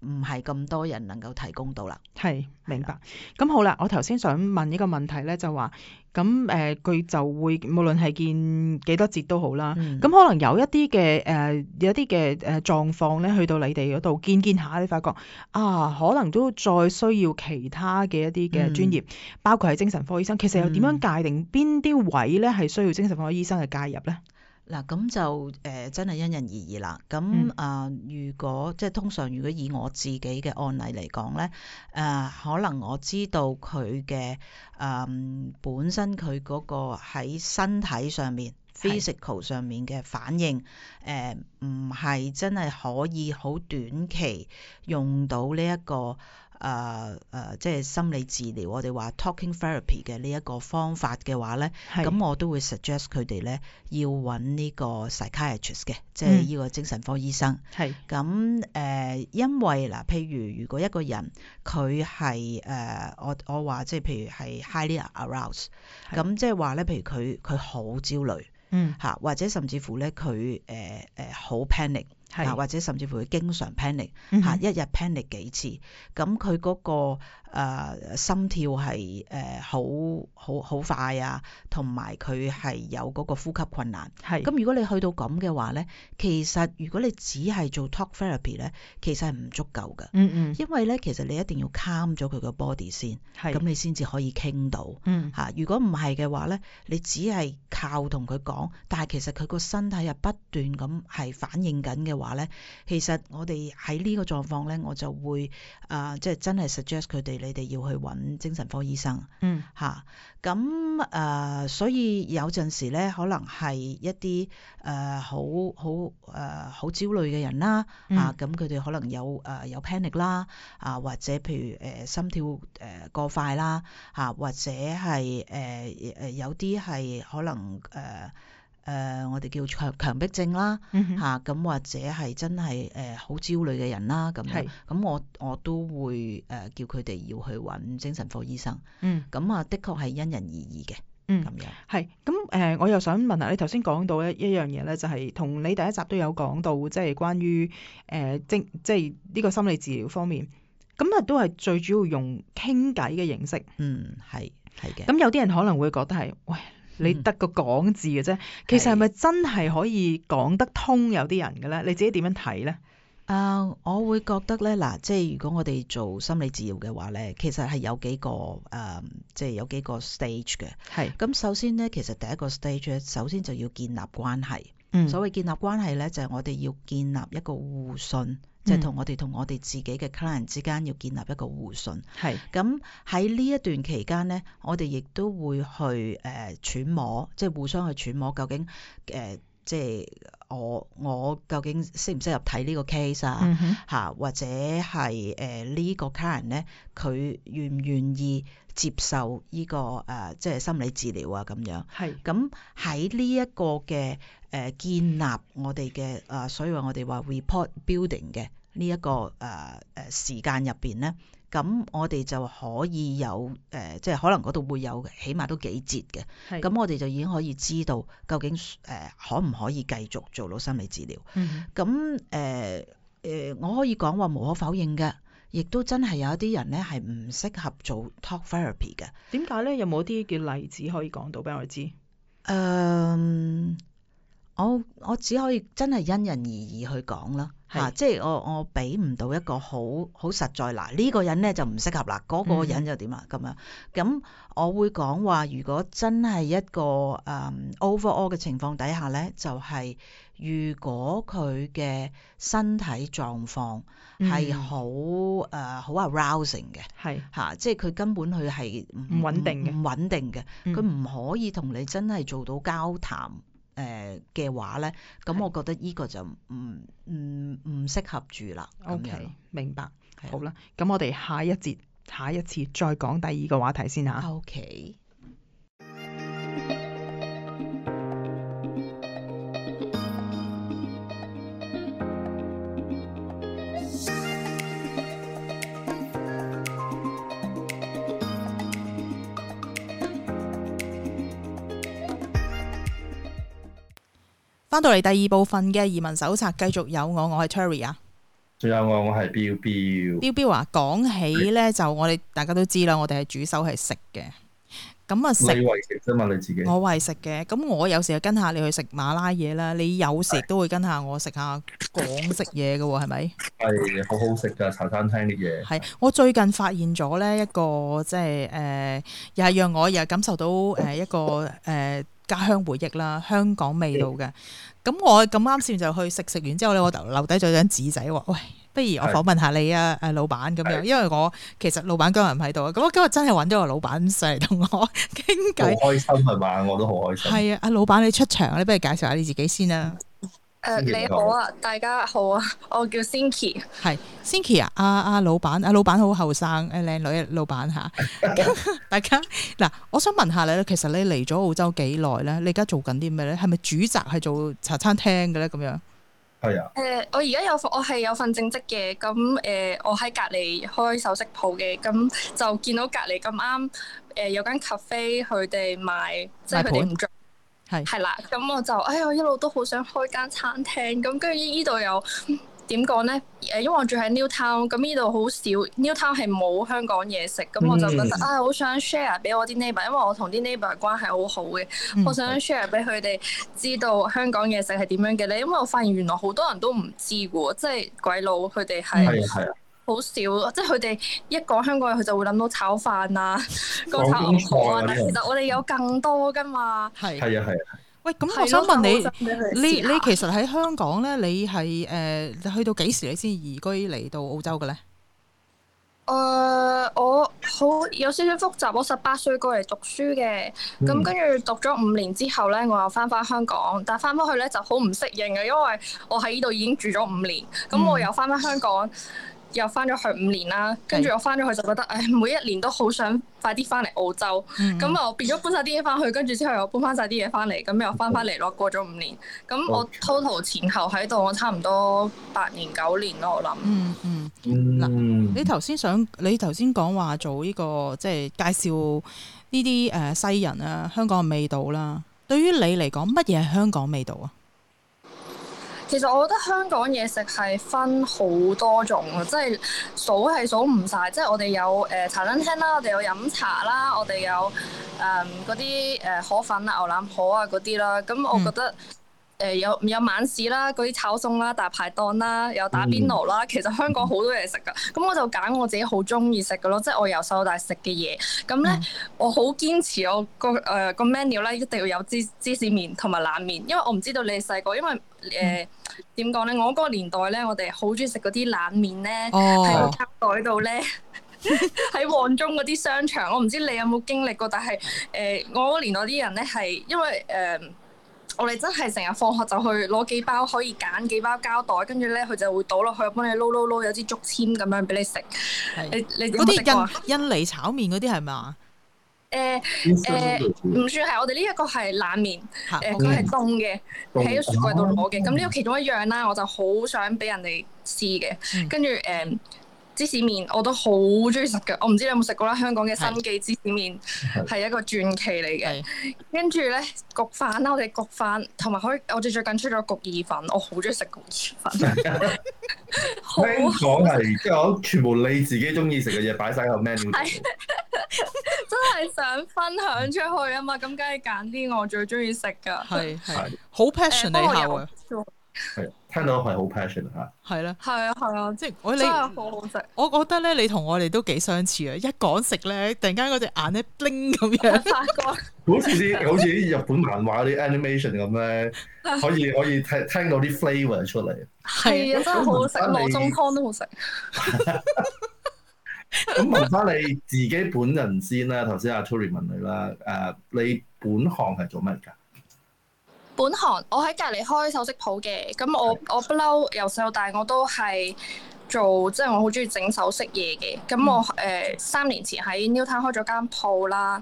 唔係咁多人能夠提供到啦。係，明白。咁、啊、好啦，我頭先想問一個問題咧，就話。咁誒，佢、呃、就會無論係見幾多節都好啦。咁、嗯、可能有一啲嘅誒，有啲嘅誒狀況咧，去到你哋嗰度見見下，你發覺啊，可能都再需要其他嘅一啲嘅專業，嗯、包括係精神科醫生。其實又點樣界定邊啲、嗯、位咧係需要精神科醫生嘅介入咧？嗱，咁就誒、呃、真係因人而異啦。咁啊、呃，如果即係通常，如果以我自己嘅案例嚟講咧，啊、呃，可能我知道佢嘅誒本身佢嗰個喺身體上面是，physical 上面嘅反應，誒唔係真係可以好短期用到呢、這、一個。誒誒、呃呃，即係心理治療，我哋話 talking therapy 嘅呢一個方法嘅話咧，咁是我都會 suggest 佢哋咧，要揾呢個 psychiatrist 嘅，即係呢個精神科醫生。係、嗯。咁誒、呃，因為嗱，譬如如果一個人佢係誒，我我話即係譬如係 highly aroused，咁是即係話咧，譬如佢佢好焦慮，嗯，嚇或者甚至乎咧佢誒、呃、誒好、呃呃、panic 或者甚至乎佢經常 panic，、mm hmm. 啊、一日 panic 幾次，咁佢、嗰個、呃、心跳係誒、呃、好好好快啊，同埋佢係有嗰個呼吸困難，係、mm。咁、hmm. 如果你去到咁嘅話咧，其實如果你只係做 talk therapy 咧，其實係唔足夠，㗎、mm。嗯嗯。因為咧，其實你一定要 calm 咗佢個 body 先，係、mm。咁、hmm. 你先至可以傾到。嗯、mm。嚇、hmm. 啊，如果唔係嘅話咧，你只係靠同佢講，但係其實佢個身體係不斷咁係反應緊嘅。話咧，其實我哋喺呢個狀況咧，我就會啊、呃，即係真係 suggest 佢哋你哋要去揾精神科醫生，嗯、啊，吓，咁、呃、啊，所以有陣時咧，可能係一啲誒、呃、好好誒、呃、好焦慮嘅人啦，吓、啊，咁佢哋可能有誒、呃、有 panic 啦，啊，或者譬如誒、呃、心跳誒過快啦，吓、啊，或者係誒誒有啲係可能誒。呃誒，我哋叫強強迫症啦，吓，咁或者係真係誒好焦慮嘅人啦，咁樣，咁我我都會誒叫佢哋要去搵精神科醫生，嗯，咁啊的確係因人而異嘅。嗯，咁樣係，咁誒、呃、我又想問下，你頭先講到一一樣嘢咧，就係同你第一集都有講到，即係關於誒精即係呢個心理治療方面，咁啊都係最主要用傾偈嘅形式，嗯係係嘅，咁、嗯、有啲人可能會覺得係喂。你得個講字嘅啫，其實係咪真係可以講得通有啲人嘅咧？你自己點樣睇咧？啊、呃，我會覺得咧，嗱，即係如果我哋做心理治療嘅話咧，其實係有幾個誒、呃，即係有幾個 stage 嘅。係。咁首先咧，其實第一個 stage 咧，首先就要建立關係。嗯。所謂建立關係咧，就係我哋要建立一個互信。即係同我哋同我哋自己嘅 client 之間要建立一個互信，係咁。喺呢一段期間咧，我哋亦都會去誒、呃、揣摩，即係互相去揣摩究竟誒、呃，即係。我我究竟適唔適合睇呢個 case 啊？嚇、嗯哼，或者係誒、呃這個、呢個 client 咧，佢願唔願意接受呢、這個誒、呃、即係心理治療啊？咁樣係咁喺呢一個嘅誒、呃、建立我哋嘅誒，所以話我哋話 report building 嘅呢一個誒誒、呃、時間入邊咧。咁我哋就可以有誒、呃，即係可能嗰度會有，起碼都幾節嘅。咁是我哋就已經可以知道究竟誒、呃、可唔可以繼續做到心理治療？咁誒誒，我可以講話無可否認嘅，亦都真係有一啲人咧係唔適合做 talk therapy 嘅。點解咧？有冇啲嘅例子可以講到俾我知？嗯、呃。我我只可以真係因人而異去講啦，嚇是、啊，即係我我俾唔到一個好好實在嗱，呢、這個人咧就唔適合啦，嗰、這個人又點啊咁、嗯、樣？咁、嗯、我會講話，如果真係一個誒、嗯、overall 嘅情況底下咧，就係、是、如果佢嘅身體狀況係好誒好 arousing 嘅，係嚇，即係佢根本佢係唔穩定唔穩定嘅，佢唔、嗯、可以同你真係做到交談。誒嘅、呃、話咧，咁我覺得依個就唔唔唔適合住啦。OK，明白。的好啦，咁我哋下一節下一次再講第二個話題先嚇、啊。OK。翻到嚟第二部分嘅移民手冊，繼續有我，我係 Tury 啊，仲有我，我係 Bill Bill。Bill Bill 啊，講起咧的就我哋大家都知啦，我哋係主手係食嘅，咁啊食食啫嘛，你自己我為食嘅，咁我有時又跟下你去食馬拉嘢啦，你有時都會跟下我食下港式嘢嘅喎，係咪？係好好食噶茶餐廳啲嘢。係，我最近發現咗咧一個即係誒、呃，又係讓我又感受到誒、呃、一個誒。呃 家鄉回憶啦，香港味道嘅。咁的我咁啱先就去食，食完之後咧，我就留低咗張紙仔話，喂，不如我訪問下你的啊，誒，老闆咁樣。因為我其實老闆今日唔喺度啊，咁我今日真係揾咗個老闆上嚟同我傾偈。好開心係嘛？我都好開心。係啊 ，阿老闆你出場啊，你不如介紹下你自己先啦。誒、呃，你好啊，大家好啊，我叫 Sinki 係 Sinki 啊，阿、啊、阿、啊、老闆，阿、啊、老闆好後生，誒、呃，靚女老闆吓，啊、 大家嗱，我想問下你咧，其實你嚟咗澳洲幾耐咧？你而家做緊啲咩咧？係咪主宅係做茶餐廳嘅咧？咁樣係啊。誒、呃，我而家有我係有份正職嘅，咁、嗯、誒、呃，我喺隔籬開首飾鋪嘅，咁、嗯、就見到隔籬咁啱，誒、呃，有間 cafe，佢哋賣即係佢哋唔係係啦，咁我就誒、哎，我一路都好想開間餐廳，咁跟住依度有點講咧，誒，因為我住喺 New Town，咁依度好少 New Town 係冇香港嘢食，咁我就覺得啊，好、嗯哎、想 share 俾我啲 neighbor，因為我同啲 neighbor 關係好好嘅，我想 share 俾佢哋知道香港嘢食係點樣嘅咧，因為我發現原來好多人都唔知喎，即係鬼佬佢哋係。好少，即係佢哋一講香港人，佢就會諗到炒飯啊，個炒河啊。呵呵 但其實我哋有更多噶嘛。係是。係喂啊，係啊、嗯。喂、嗯，咁我想問你，你，你你其實喺香港咧，你係誒、呃、去到幾時你先移居嚟到澳洲嘅咧？誒、呃，我好有少少複雜。我十八歲過嚟讀書嘅，咁跟住讀咗五年之後咧，我又翻返香港。但係翻返去咧就好唔適應嘅，因為我喺呢度已經住咗五年，咁我又翻返香港。嗯嗯又翻咗去五年啦，跟住我翻咗去就覺得，唉，每一年都好想快啲翻嚟澳洲。咁啊、嗯，我變咗搬晒啲嘢翻去，跟住之後又搬翻晒啲嘢翻嚟，咁又翻翻嚟咯，過咗五年。咁我 total 前後喺度，我差唔多八年九年咯，我諗、嗯。嗯嗯嗱，啦你頭先想，你頭先講話做呢個即係介紹呢啲誒西人啊，香港嘅味道啦、啊，對於你嚟講，乜嘢係香港味道啊？其實我覺得香港嘢食係分好多種，即係數係數唔晒。即係我哋有誒、呃、茶餐廳啦，我哋有飲茶啦，我哋有誒嗰啲誒河粉啊、牛腩河啊嗰啲啦。咁我覺得誒、嗯呃、有有晚市啦，嗰啲炒餸啦、大排檔啦，有打邊爐啦。嗯、其實香港好多嘢食噶。咁、嗯、我就揀我自己好中意食嘅咯，即係我由細到大食嘅嘢。咁咧，嗯、我好堅持我個誒個 menu 咧，一定要有芝芝士麵同埋冷麵，因為我唔知道你哋細個，因為誒。點講咧？我嗰個年代咧，我哋好、oh. 中意食嗰啲冷麵咧，喺卡袋度咧，喺旺中嗰啲商場，我唔知你有冇經歷過？但係誒、呃，我嗰個年代啲人咧係因為誒、呃，我哋真係成日放學就去攞幾包，可以揀幾包膠袋，跟住咧佢就會倒落去，幫你撈撈撈，有支竹籤咁樣俾你食是。你你嗰啲印尼炒麵嗰啲係咪？誒誒，唔、呃呃、算係我哋呢一個係冷麵，誒佢係凍嘅，喺、嗯、雪櫃度攞嘅，咁呢、啊、個其中一樣啦，我就好想俾人哋試嘅，跟住誒。芝士麵我都好中意食噶，我唔知你有冇食過啦。香港嘅新記芝士麵係一個傳奇嚟嘅。跟住咧，焗飯啦，我哋焗飯同埋可以，我哋最近出咗焗意粉，我好中意食焗意粉。香港係，即我全部你自己中意食嘅嘢擺晒喺後面，真係想分享出去啊嘛！咁梗係揀啲我最中意食噶，係係好 passion 一下嘅。聽到係好 passion 嚇，係啦，係啊，係啊，即係我你真係好好食。我覺得咧，你同我哋都幾相似嘅。一講食咧，突然間嗰隻眼咧 bling 咁樣發光。 好似啲好似啲日本漫畫啲 animation 咁咧，可以可以聽聽到啲 flavor 出嚟。係啊的，真係好食，羅宋湯都好食。咁 問翻你自己本人先啦。頭先阿 Tury 問你啦，誒，你本行係做乜㗎？本行我喺隔離開首飾鋪嘅，咁我我不嬲由細到大我都係做，即、就、係、是、我好中意整首飾嘢嘅。咁我誒三、呃、年前喺 Newtown 開咗間鋪啦。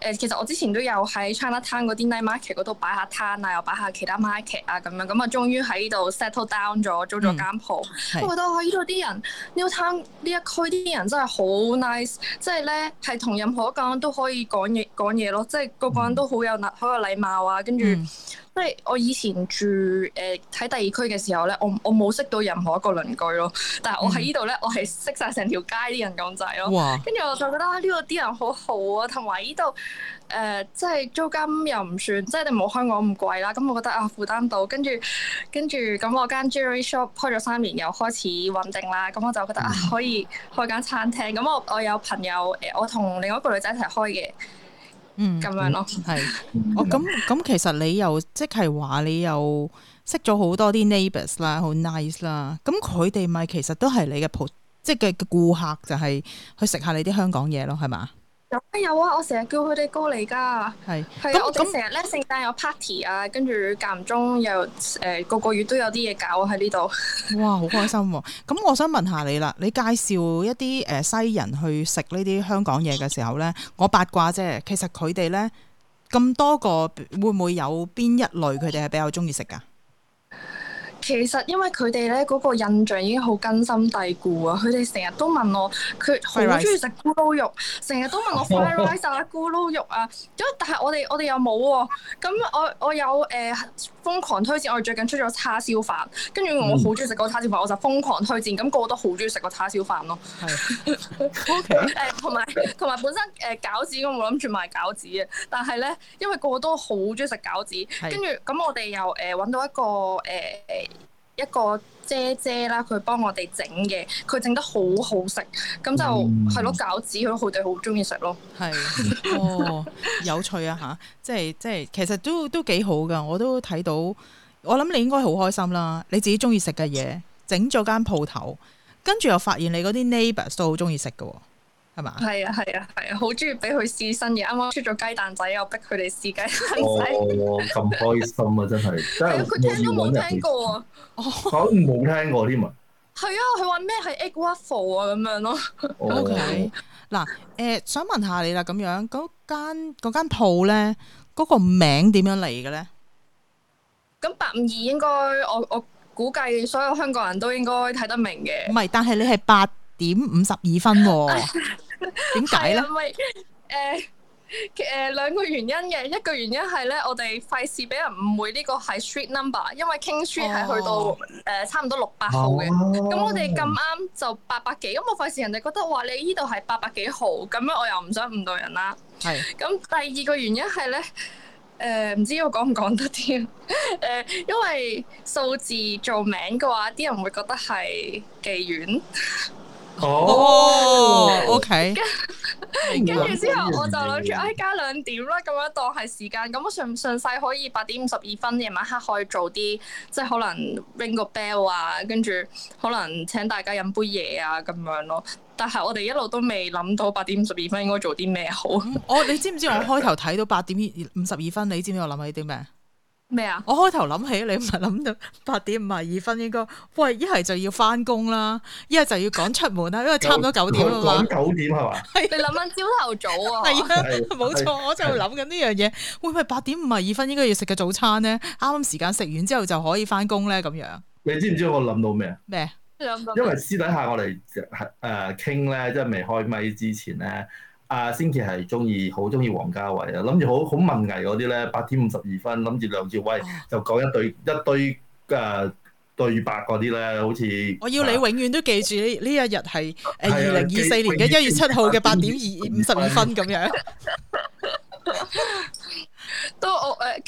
誒、呃、其實我之前都有喺 China Town 嗰啲 night market 嗰度擺下攤啊，又擺下其他 market 啊咁樣。咁啊，終於喺呢度 settle down 咗，租咗間鋪。我、嗯、覺得啊，呢度啲人的 Newtown 呢一區啲人真係好 nice，即係咧係同任何一個人都可以講嘢講嘢咯，即係個個人都好有禮、嗯、好有禮貌啊，跟住。嗯即係我以前住誒喺第二區嘅時候咧，我我冇識到任何一個鄰居咯。但係我喺呢度咧，嗯、我係識晒成條街啲人咁滯咯。跟住哇我就覺得呢度啲人好好啊，同埋呢度誒，即、呃、係租金又唔算，即係冇香港咁貴啦。咁我覺得啊，負擔到。跟住跟住，咁我間 jewelry shop 開咗三年，又開始穩定啦。咁我就覺得、嗯、啊，可以開間餐廳。咁我我有朋友誒，我同另外一個女仔一齊開嘅。嗯，咁樣咯，係。 哦，咁咁其實你又即係話你又識咗好多啲 neighbors 啦，好 nice 啦。咁佢哋咪其實都係你嘅普，即係嘅嘅顧客，就係去食下你啲香港嘢咯，係嘛？有啊有啊，我成日叫佢哋過嚟噶係，係啊，我哋成日咧，聖誕有 party 啊，跟住間唔中又誒，個個月都有啲嘢搞喺呢度。哇，好開心啊！咁 我想問下你啦，你介紹一啲誒西人去食呢啲香港嘢嘅時候咧，我八卦啫。其實佢哋咧咁多個，會唔會有邊一類佢哋係比較中意食噶？其實因為佢哋咧嗰個印象已經好根深蒂固啊！佢哋成日都問我，佢好中意食咕嚕肉，成日都問我 fire rice 啊咕嚕肉啊，咁但係我哋我哋又冇喎，咁我我有誒、欸、瘋狂推薦我哋最近出咗叉燒飯，跟住我好中意食個叉燒飯，嗯、我就瘋狂推薦、嗯，咁個個都好中意食個叉燒飯咯。係。O K。誒同埋同埋本身誒餃子我冇諗住賣餃子啊，但係咧因為個個都好中意食餃子，跟住咁我哋又誒搵到一個誒誒。一個姐姐啦，佢幫我哋整嘅，佢整得好好食，咁就係咯，餃子，佢哋好中意食咯。係哦，有趣啊吓，。 即係即係，其實都都幾好噶，我都睇到。我諗你應該好開心啦，你自己中意食嘅嘢，整咗間鋪頭，跟住又發現你嗰啲 neighbors 都好中意食嘅喎。係嘛？係啊，係啊，係啊！好中意俾佢試新嘢。啱啱出咗雞蛋仔，又逼佢哋試雞蛋仔。 啊、 哦，咁開心啊！真係，真係佢聽都冇聽過啊！佢都冇聽過添啊！係啊！佢話咩係 egg waffle 啊咁樣咯。OK，嗱，誒想問下你啦，咁樣嗰間嗰間鋪咧，嗰個名點樣嚟嘅咧？咁八五二應該，我我估計所有香港人都應該睇得明嘅。唔係，但係你係八點五十二分喎。點解咧？係啊，咪誒誒兩個原因嘅，一個原因係咧，我哋費事俾人誤會呢個係 street number，因為 King Street 係去到誒、哦呃、差唔多六百號嘅，咁、哦、我哋咁啱就八百幾，咁我費事人哋覺得話你呢度係八百幾號，咁樣我又唔想誤導人啦。係是。咁第二個原因係咧，誒、呃、唔知我講唔講得添？誒、呃，因為數字做名嘅話，啲人會覺得係妓院。哦、OK。跟跟住之後，我就諗住唉，加兩點啦，咁樣當係時間。咁我順順勢可以八點五十二分夜晚黑可以做啲即係可能 ring 個 bell 啊，跟住可能請大家飲杯嘢啊咁樣咯。但係我哋一路都未諗到八點五十二分應該做啲咩好。我你知唔知我開頭睇到八點五十二分，你知唔知我諗起啲咩？ 咩啊？我開頭諗起，起你唔係諗到八點五十二分應該，喂一係就要翻工啦，一係就要趕出門啦，因為差唔多九點啦，九點係嘛？係 你諗返朝頭早啊？係 啊，冇錯，我就諗緊呢樣嘢。會唔會八點五十二分應該要食嘅早餐咧？啱啱時間食完之後就可以翻工咧？咁樣。你知唔知我諗到咩啊？咩麼？因為私底下我哋誒傾咧，即係未開咪之前咧。啊，先至係中意，好中意王家衛啊！諗住好好文藝嗰啲咧，八點五十二分，諗住梁朝偉，就講一對一堆誒對、呃、對白嗰啲咧，好似我要你永遠都記住呢呢一日係誒二零二四年嘅一月七號嘅八點五十二分咁樣，都我誒。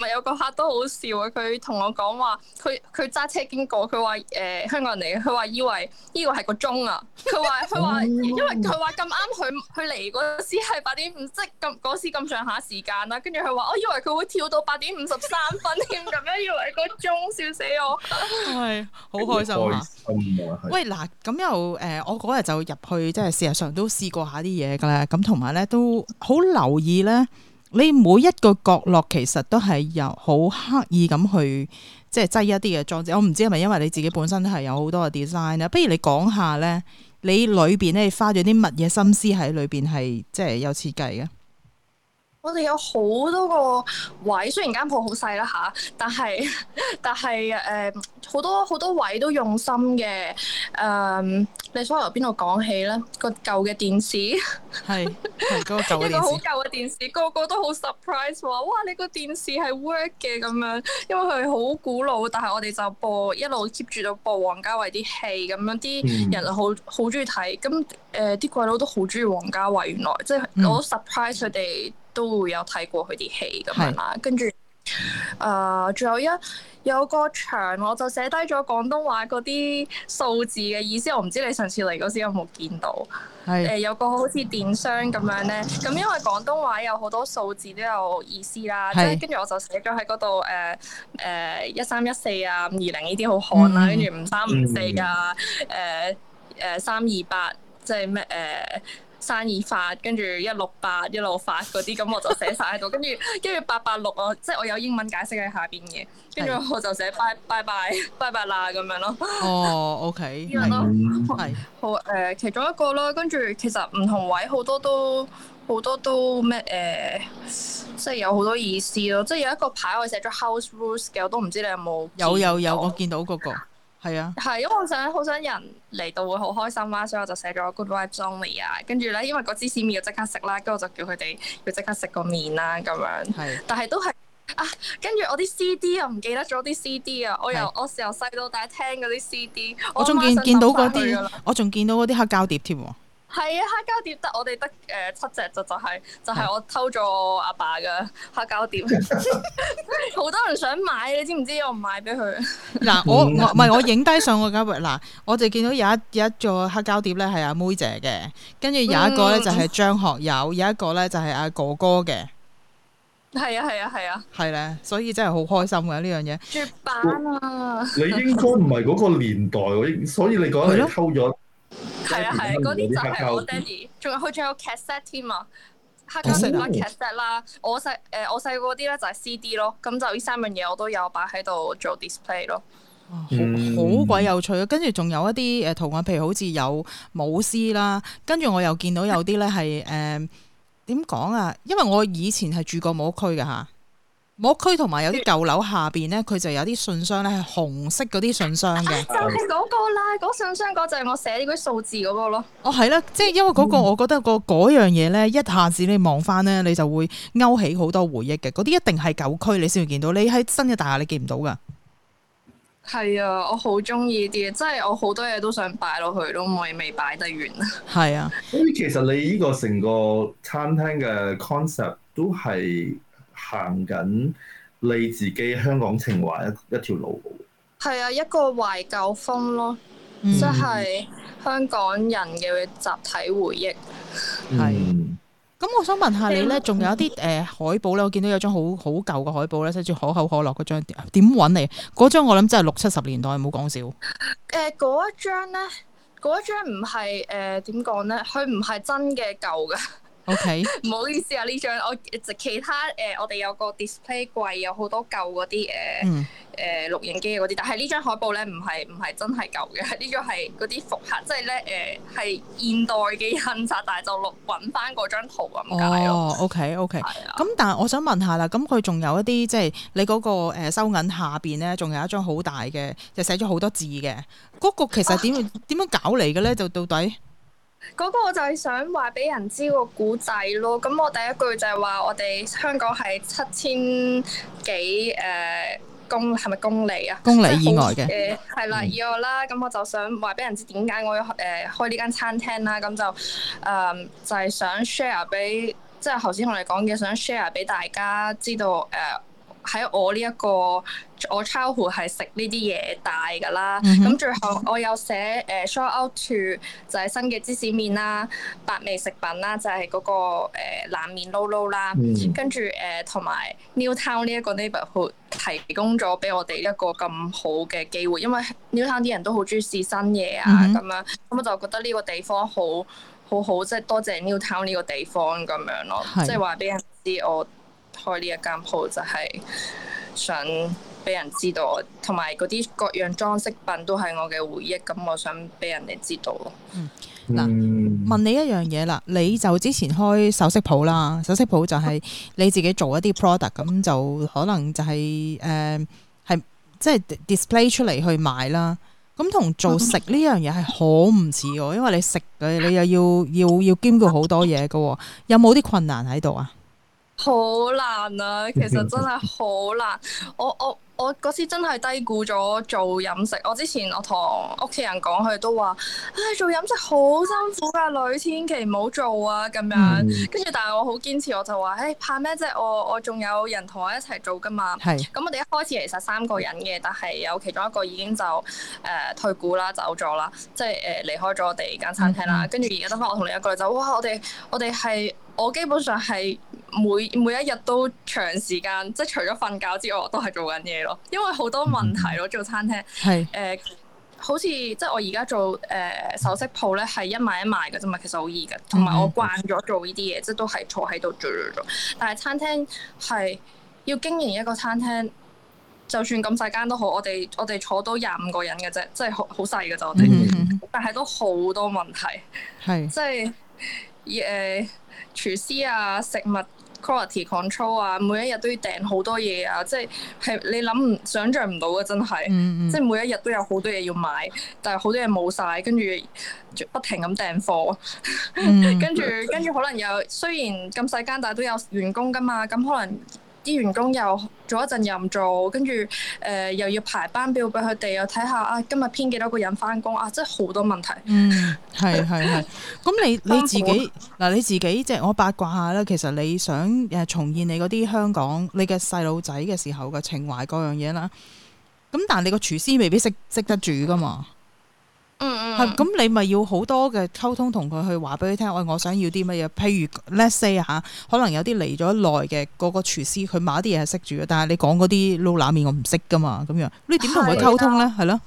咪有個客都好笑啊！佢同我講話，佢佢揸車經過，佢話誒香港人嚟嘅，佢話以為呢個係個鐘啊！佢話佢話， 因為佢話咁啱佢佢嚟嗰時係八點五，即係咁嗰時咁上下時間啦，啊。跟住佢話我以為佢會跳到八點五十三分添，咁樣 以為個鐘，笑死我！係好， 哎，開心啊！喂嗱，哎，咁又誒、呃，我嗰日就入去，即係事實上都試過下啲嘢噶啦，咁同埋咧都好留意咧。你每一個角落其實都係由好刻意咁去即係擠一啲嘅裝置，我唔知係咪因為你自己本身都係有好多嘅 design 咧。不如你講下呢，你裏邊咧花咗啲乜嘢心思喺裏邊係即係有設計嘅。我哋有好多個位，雖然間鋪好細啦嚇，但係但係誒好多好多位都用心嘅。誒、呃，你所以由邊度講起咧？個舊嘅電視係係一個好舊嘅電視，個個都好 surprise 話：哇！你個電視係 work 嘅咁樣，因為佢好古老。但係我哋就播一路 keep 住到播王家衞啲戲，咁樣啲人好好中意睇。咁誒啲鬼佬都好中意王家衞，原來即係我都 surprise 佢哋。就是都會有睇過佢啲戲咁樣啦，是跟住誒，仲、呃、有一有個場，我就寫低咗廣東話嗰啲數字嘅意思。我唔知你上次嚟嗰時有冇見到？係誒是、呃、有個好似電商咁樣咧，咁因為廣東話有好多數字都有意思啦。係是，即跟住我就寫咗喺嗰度誒誒一三一四啊，五二零呢啲好看啦。跟住五三五四啊，誒誒三二八，呃呃、28，即係咩誒？呃生意發，跟住一六八一路發嗰啲，咁 我就寫晒喺度。跟住，跟住八八六我，即係我有英文解釋喺下邊嘅。跟住我就寫拜拜拜拜啦咁樣咯。哦，OK。呢個都係好誒、呃，其中一個啦。跟住其實唔同位好多都好多都咩誒、呃，即係有好多意思咯。即係有一個牌我寫咗 House Rules 嘅，我都唔知你有冇有有有，我見到嗰、嗰個。係啊，係因為我想好想人嚟到會好開心啦，所以我就寫咗 Good vibes only 啊。跟住咧，因為個芝士麵要即刻食啦，跟住我就叫佢哋要即刻食個麵啦咁樣。係是，但係都係啊。跟住我啲 CD 啊，唔記得咗啲 CD 啊！我由是我由細到大聽嗰啲 CD，我仲見我想想想見到嗰啲，我仲見到嗰啲黑膠碟添喎。係啊。黑膠碟得我哋得誒七隻就係、就係就係我偷咗阿爸嘅黑膠碟，好 多人想買你知唔知？我唔賣俾佢。嗱，我我唔係我影低上我間屋嗱，我哋見到有一有一座黑膠碟咧係阿妹姐嘅，跟住有一個咧就係張學友，嗯、有一個咧就係阿哥哥嘅。係啊係啊係啊！係咧、啊啊啊啊，所以真係好開心嘅呢樣嘢。絕版啊！ 你應該唔係嗰個年代所以你講係偷咗。係啊係，嗰啲 就係我 daddy，仲有佢仲有 cassette 添啊，黑膠同埋 cassette 啦。我細誒我細個嗰啲咧就係 CD 咯，咁就呢三樣嘢我都有擺喺度做 display 咯，嗯。好鬼有趣啊。跟住仲有一啲誒圖案，譬如好似有舞獅啦，跟住我又見到有啲咧係誒點講啊，因為我以前係住過某區嘅，吓。冇區同埋有啲舊樓下邊咧，佢就有啲信箱咧，係紅色嗰啲信箱嘅、啊，就係、係、嗰個啦。嗰、嗰個、信箱嗰就係我寫呢啲數字嗰個咯。哦，係啦，即係因為嗰、嗰個，我覺得、嗰個嗰樣嘢咧，一下子你望翻咧，你就會勾起好多回憶嘅。嗰啲一定係舊區，你先會見到。你喺新嘅大廈，你見唔到噶。係啊，我好中意啲，即係我好多嘢都想擺落去，都未未擺得完 啊。係啊，所以其實你呢個成個餐廳嘅 concept 都係。行緊你自己香港情懷一一條路，係啊，一個懷舊風咯，即係、嗯、香港人嘅集體回憶。係、嗯，咁、嗯嗯、我想問下你咧，仲有一啲誒、呃、海報咧，我見到有張好好舊嘅海報咧，寫住「可口可樂」嗰張點揾嚟？嗰張我諗真係六七十年代，冇好講笑。嗰、呃、一張咧，嗰一張唔係誒點講咧，佢唔係真嘅舊嘅。唔 Okay. 好意思啊，呢張我其他誒、呃，我哋有個 display 櫃有好多舊嗰啲誒誒錄影機嗰啲，但係呢張海報咧唔係唔係真係舊嘅，呢個係嗰啲複刻，即係咧誒係現代嘅印刷，但係就錄揾翻嗰張圖咁解咯。O K O K，咁但係我想問下啦，咁佢仲有一啲，即係你嗰個誒收銀下邊咧，仲有一張好大嘅，就寫咗好多字嘅，嗰、嗰個其實點點樣搞嚟嘅咧？就到底？嗰個我就係想話俾人知個古仔咯，咁我第一句就係話我哋香港係七千幾誒公係咪公里啊？公里以外嘅，係啦、呃，以外啦，咁、嗯嗯、我就想話俾人知點解我要誒開呢間、呃、餐廳啦、啊，咁就誒、呃、就係、是、想 share 俾即係頭先我哋講嘅，想 share 俾大家知道誒。呃喺我呢、這、一個我超乎係食呢啲嘢大㗎啦，咁最後我有寫誒、呃、shout out to 就係新嘅芝士麵啦、百味食品啦、就係、是、嗰、那個冷麵撈撈啦、嗯、跟住誒同埋 Newtown 呢一個 neighborhood 提供咗俾我哋一個咁好嘅機會，因為 Newtown 啲人都好中意試新嘢啊咁、嗯嗯、樣，咁我就覺得呢個地方好好好，即係多謝 Newtown 呢個地方咁樣咯，即係話俾人知我開呢一間鋪就係想俾人知道，同埋嗰啲各樣裝飾品都係我嘅回憶，咁我想俾人哋知道咯。嗯，嗱，問你一樣嘢啦，你就之前開首飾鋪啦，首飾鋪就係你自己做一啲 product，咁就可能就係誒係即係 display 出嚟去賣啦。咁同做食呢樣嘢係好唔似嘅，因為你食嘅你又要要要兼顧好多嘢㗎，有冇啲困難喺度啊？好難啊！其實真係好難。我我我嗰次真係低估咗做飲食。我之前我同屋企人講，佢都話：唉、哎，做飲食好辛苦噶、啊，女千祈唔好做啊！咁樣。跟住，但係我好堅持，我就話：唉、欸，怕咩啫？我我仲有人同我一齊做噶嘛。係是。咁我哋一開始其實三個人嘅，但係有其中一個已經就誒、呃、退股啦，走咗啦，即係誒離開咗我哋間餐廳啦。跟住而家得返我同另一個就哇，我哋我哋係我，我基本上係。每每一日都長時間，即係除咗瞓覺之外，我都係做緊嘢咯。因為好多問題咯，做餐廳。係、mm。誒、hmm. 呃，好似即係我而家做誒首、呃、飾鋪咧，係一買一賣嘅啫嘛，其實好易嘅。同埋我慣咗做呢啲嘢，即係都係坐喺度做做做。但係餐廳係要經營一個餐廳，就算咁細間都好，我哋我哋坐都廿五個人嘅啫，即係好好細嘅啫。我哋。Mm hmm. 但係都好多問題。係、mm。Hmm. 即係，誒、mm。Hmm. Yeah. 廚師啊，食物 quality control 啊，每一日都要訂好多嘢啊，即係係你諗唔想像唔到嘅真係，mm hmm. 即係每一日都有好多嘢要買，但係好多嘢冇晒。跟住不停咁訂貨，跟住跟住可能有，雖然咁細間，但係都有員工㗎嘛，咁可能。啲員工又做一陣又唔做，跟住誒又要排班表俾佢哋，又睇下啊，今日編幾多個人翻工啊，真係好多問題。嗯，係係係。咁 你你自己嗱 你自己即係我八卦下啦。其實你想誒重現你嗰啲香港你嘅細路仔嘅時候嘅情懷嗰樣嘢啦。咁但係你個廚師未必識識得煮噶嘛？嗯嗯，係咁、mm hmm. 你咪要好多嘅溝通同佢去話俾佢聽，我、哎、我想要啲乜嘢？譬如 let's say 嚇、啊，可能有啲嚟咗耐嘅嗰個廚師佢買啲嘢係識住嘅，但係你講嗰啲撈冷麵我唔識噶嘛，咁樣你點同佢溝通咧？係咯的？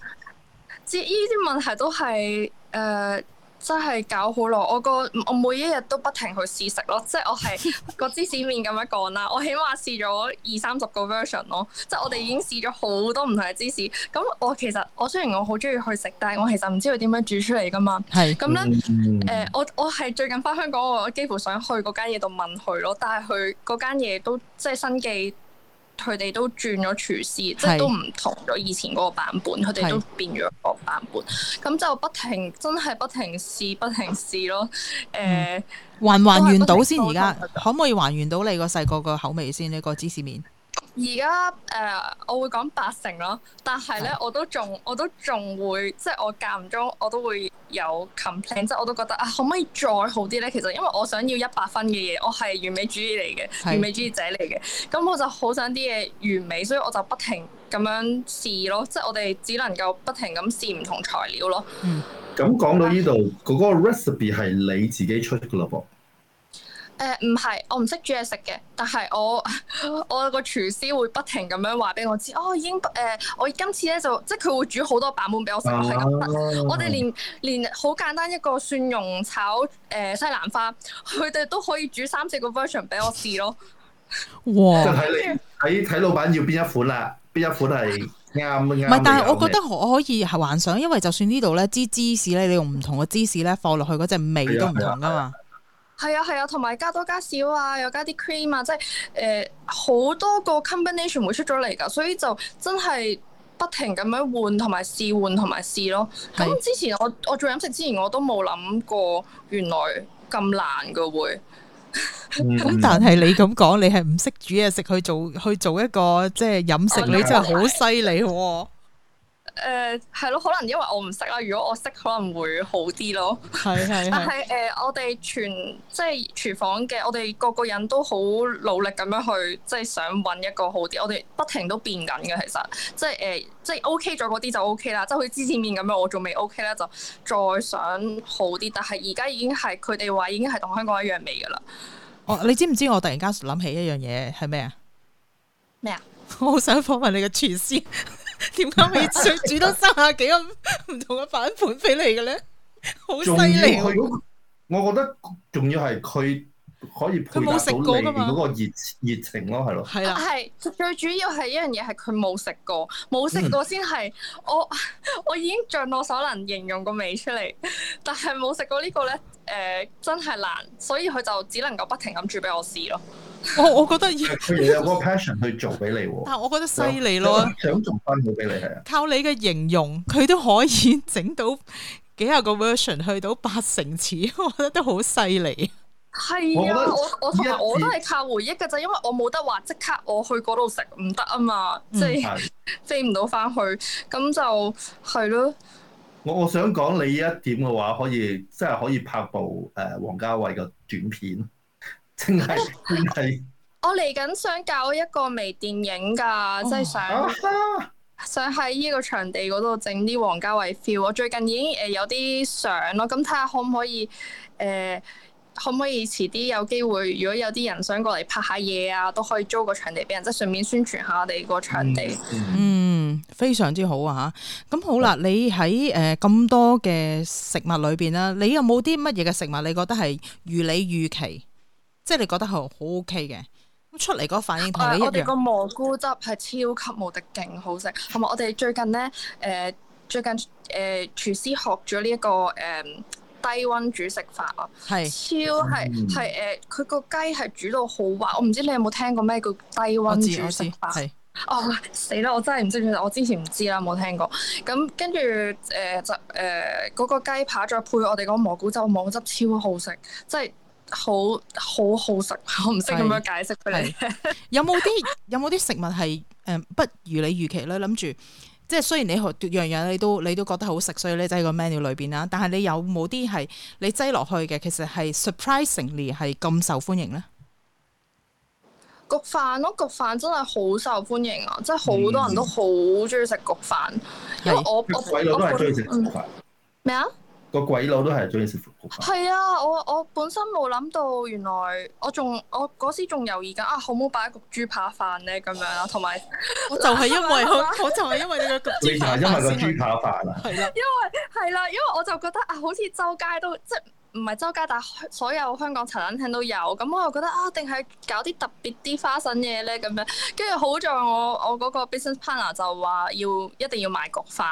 至於啲問題都係誒。呃真係搞好耐，我個我每一日都不停去試食咯，即係我係個芝士麵咁樣講啦， 我起碼試咗二三十個 version 咯，即係我哋已經試咗好多唔同嘅芝士。咁我其實我雖然我好鍾意去食，但係我其實唔知佢點樣煮出嚟㗎嘛。係。咁咧，誒，我我係最近返香港，我我幾乎想去嗰間嘢度問佢咯，但係佢嗰間嘢都即係新記。佢哋都轉咗廚師，即係都唔同咗以前嗰個版本，佢哋都變咗個版本。咁是就不停，真係不停試，不停試咯。誒、呃嗯，還還原到先而家，可唔可以還原到你個細個個口味先呢個芝士麵？而家誒，uh, 我會講八成咯，但係咧的，我都仲我都仲會，即係我間唔中，我都會有 complain，即係我都覺得啊，可唔可以再好啲咧？其實因為我想要一百分嘅嘢，我係完美主義嚟嘅，的完美主義者嚟嘅，咁我就好想啲嘢完美，所以我就不停咁樣試咯。即、就、係、是、我哋只能夠不停咁試唔同材料咯。嗯，咁、嗯、講到呢度，佢嗰個 recipe 係你自己出㗎啦噃。誒，唔係、呃，我唔識煮嘢食嘅，但係我我個廚師會不停咁樣話俾我知，哦，已經誒，我今次咧就即係佢會煮好多版本俾我食，我哋、哦、連連好簡單一個蒜蓉炒誒、呃、西蘭花，佢哋都可以煮三四個 version 俾我試咯。 哇！睇睇老闆要邊一款啦，邊一款係啱嘅？啱？唔係，但係我覺得我可以係幻想，因為就算呢度咧，支芝士咧，你用唔同嘅芝士咧放落去嗰隻味都唔同噶嘛。係啊係啊，同埋、啊、加多加少啊，又加啲 cream 啊，即係誒，好、呃、多個 combination 會出咗嚟噶，所以就真係不停咁樣換同埋試換同埋試咯。咁之前我我做飲食之前我都冇諗過，原來咁難噶會、嗯。咁 但係你咁講，你係唔識煮嘢食去做去做一個即係飲食，你真係好犀利喎。誒係咯，可能因為我唔識啦。如果我識，可能會好啲咯。係係。 但係誒，我哋全，即係廚房嘅，我哋個個人都好努力咁樣去，即係想搵一個好啲。我哋不停都變緊嘅，其實即係誒，即係 OK 咗嗰啲就 OK 啦。即係好似之前面咁樣，我仲未 OK 咧，就再想好啲。但係而家已經係佢哋話已經係同香港一樣味噶啦。哦，你知唔知我突然間諗起一樣嘢係咩啊？咩啊麼？我好 想訪問你嘅廚師。 點解可以煮煮多卅幾個唔同嘅版本俾你嘅咧？好犀利！我覺得仲要係佢可以配合到你嗰個熱熱情咯，係咯。係啦，啊，係最主要係一樣嘢，係佢冇食過，冇食過先係、嗯、我我已經盡我所能形容個味出嚟，但係冇食過個呢個咧，誒、呃、真係難，所以佢就只能夠不停咁煮俾我試咯。我、哦、我覺得要有個 passion 去做俾你，但係我覺得犀利咯，想做翻好俾你係啊。靠你嘅形容，佢都可以整到幾廿個 version 去到八成似，我覺得都好犀利。係啊，我我同埋我都係靠回憶噶啫，因為我冇得話即刻我去嗰度食唔得啊嘛，即係飛唔到翻去，咁就係咯。我我想講你一點嘅話，可以即係可以拍部誒王家衛嘅短片。 我嚟緊想搞一個微電影㗎，即係想， 想喺呢個場地嗰度整啲王家衛 feel。我最近已經誒有啲相咯，咁睇下可唔可以？誒、呃，可唔可以遲啲有機會？如果有啲人想過嚟拍下嘢啊，都可以租個場地俾人，即係順便宣傳下我哋個場地。嗯，非常之好啊吓。咁好啦，嗯、你喺誒咁多嘅食物裏邊啦，你有冇啲乜嘢嘅食物你覺得係如你預期？即係你覺得係好 OK 嘅，咁出嚟嗰反應同你一樣。我哋個蘑菇汁係超級無敵勁好食，同埋我哋最近咧誒、呃，最近誒、呃、廚師學咗呢一個誒、呃、低溫煮食法啊，係是超係係誒，佢個、嗯呃、雞係煮到好滑。我唔知你有冇聽過咩叫低溫煮食法？我知我知。係。哦，死啦！我真係唔知點解，我之前唔知啦，冇聽過。咁跟住誒就誒嗰個雞扒再配我哋嗰蘑菇汁，蘑菇汁超好食，即係。好，好好好食，是我唔識咁樣解釋俾你。有冇啲有冇啲食物係誒、嗯、不如你預期咧？諗住即係雖然你學樣樣你都你都覺得好食，所以你喺個 menu 裏邊啦。但係你有冇啲係你擠落去嘅，其實係 surprisingly 係咁受歡迎咧？焗飯咯、啊，焗飯真係好受歡迎啊！即係好多人都好中意食焗飯，嗯、因為我屋鬼是我都係中意食焗飯。咩啊？個鬼佬都係中意食焗飯。係啊，我我本身冇諗到，原來我仲我嗰時仲猶豫緊啊，好唔好擺焗豬扒飯咧咁樣啊？同埋我， 我就係因為我， 我就係因為呢個焗豬扒飯啊。係啦，因為係啦、啊，因為我就覺得啊，好似周街都整。即唔係周街但所有香港茶餐廳都有。咁我又覺得啊，定係搞啲特別啲花生嘢咧咁樣。跟住好在我我嗰個 business partner 就話要一定要賣焗飯，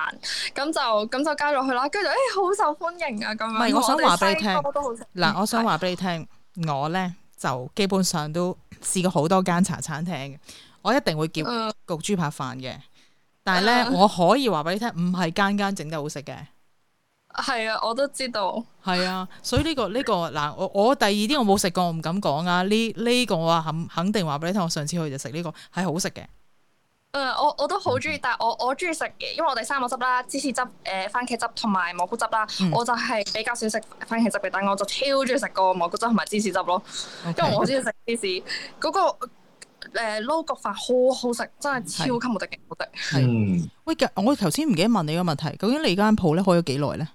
咁就咁就加落去啦。跟住誒，好受歡迎啊咁樣。唔，我想話俾你聽。嗱，我想話俾你聽，我咧就、嗯、基本上都試過好多間茶餐廳嘅，嗯、我一定會叫焗豬扒飯嘅。呃、但係咧，呃、我可以話俾你聽，唔係間間整得好食嘅。係啊，我都知道。係啊，所以呢、這個呢、這個嗱，我我第二啲我冇食過，我唔敢講啊。呢、這、呢個我肯肯定話俾你聽，我上次去就食呢、這個，係好食嘅。誒、呃，我我都好中意，但係我我中意食嘅，因為我哋三個汁啦，芝士汁、誒番茄汁同埋蘑菇汁啦，嗯、我就係比較少食番茄汁嘅，但我就超中意食個蘑菇汁同埋芝士汁咯，Okay 因為我好中意食芝士。嗰、那個誒撈、呃、焗飯好好食，真係超級無敵勁，無敵。係，喂，我頭先唔記得問你個問題，究竟你間鋪咧開咗幾耐咧？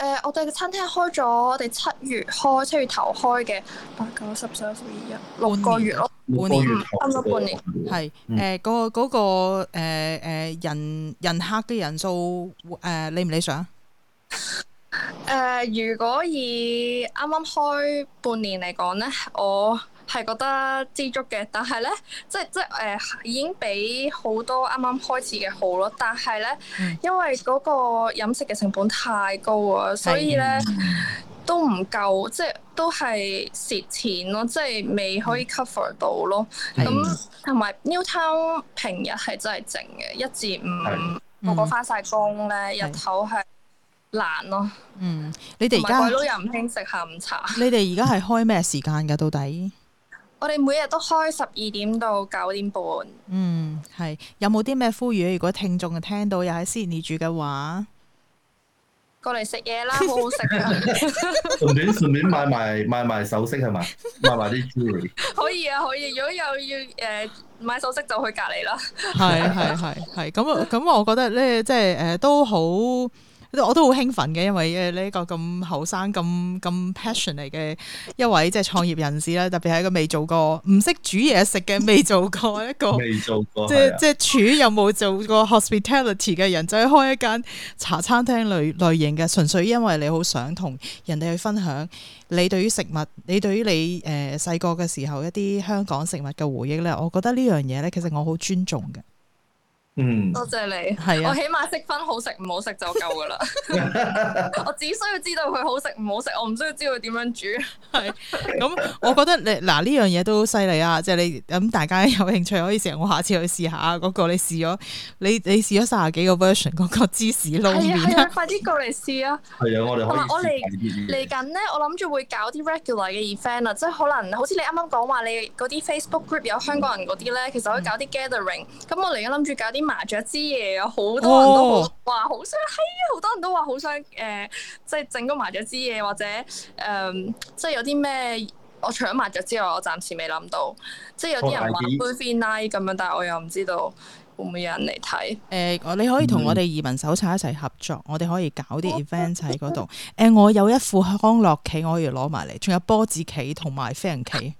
誒、呃，我哋嘅餐廳開咗，我哋七月開，七月頭開嘅八九十十一十二一六個月咯，半年，啱啱半年係，誒、嗯，嗰、呃那個、那個誒誒、呃、人人客啲人數誒、呃，理唔理想？誒、呃，如果以啱啱開半年嚟講咧，我，係覺得知足嘅，但係咧，即係即係誒、呃，已經比好多啱啱開始嘅好咯。但係咧，嗯、因為嗰個飲食嘅成本太高啊，嗯、所以咧都唔夠，即係都係蝕錢咯，即係未可以 cover 到咯。咁同埋、嗯、Newtown 平日係真係靜嘅，一至五個個翻晒工咧，嗯、日頭係難咯。嗯，你哋而家都唔興食下午茶。你哋而家係開咩時間㗎？到底？我哋每日都開十二點到九點半。嗯，係有冇啲咩呼籲咧？如果聽眾啊聽到又喺悉尼住嘅話，過嚟食嘢啦，好好食。順便順便買埋買埋首飾係咪？買埋啲 jewelry。可以啊，可以。如果又要誒買首飾，就去隔籬啦。係係係係，咁啊，咁我覺得咧，即係誒都好。我都好興奮嘅，因為誒呢一個咁後生、咁咁 passionate 嚟嘅一位即係、就是、創業人士啦，特別係一個未做過、唔識煮嘢食嘅未做過一個，即係即係廚有冇做過，即 過 hospitality 嘅人，就去、是、開一間茶餐廳類類型嘅，純粹因為你好想同人哋去分享你對於食物、你對於你誒細個嘅時候一啲香港食物嘅回憶咧。我覺得呢樣嘢咧，其實我好尊重嘅。嗯，多謝你，係啊，我起碼識分好食唔好食就夠噶啦。我只需要知道佢好食唔好食，我唔需要知道佢點樣煮。係，咁我覺得你嗱呢樣嘢都好犀利啊！即係你咁大家有興趣可以成日我下次去試下嗰個，你試咗你你試咗三十幾個 version 嗰個芝士撈。係啊係啊，快啲過嚟試啊！係啊，我哋開。我嚟嚟緊咧，我諗住會搞啲 regular 嘅 event 啊，即係可能好似你啱啱講話你嗰啲 Facebook group 有香港人嗰啲咧，其實可以搞啲 gathering。咁我嚟緊諗住搞啲。麻雀之夜啊，好多人都話好想，係啊、哦！好多人都話好想誒，即、呃、係、就是、整個麻雀之夜，或者誒，即、呃、係、就是、有啲咩？我除咗麻雀之外，我暫時未諗到。即、就、係、是、有啲人玩 movie night 咁樣，但係我又唔知道會唔會有人嚟睇。誒、欸，你可以同我哋移民手冊一齊合作，嗯、我哋可以搞啲 event 喺嗰度。誒、 欸，我有一副康樂棋，我可以攞埋嚟，仲有波子棋同埋飛人棋。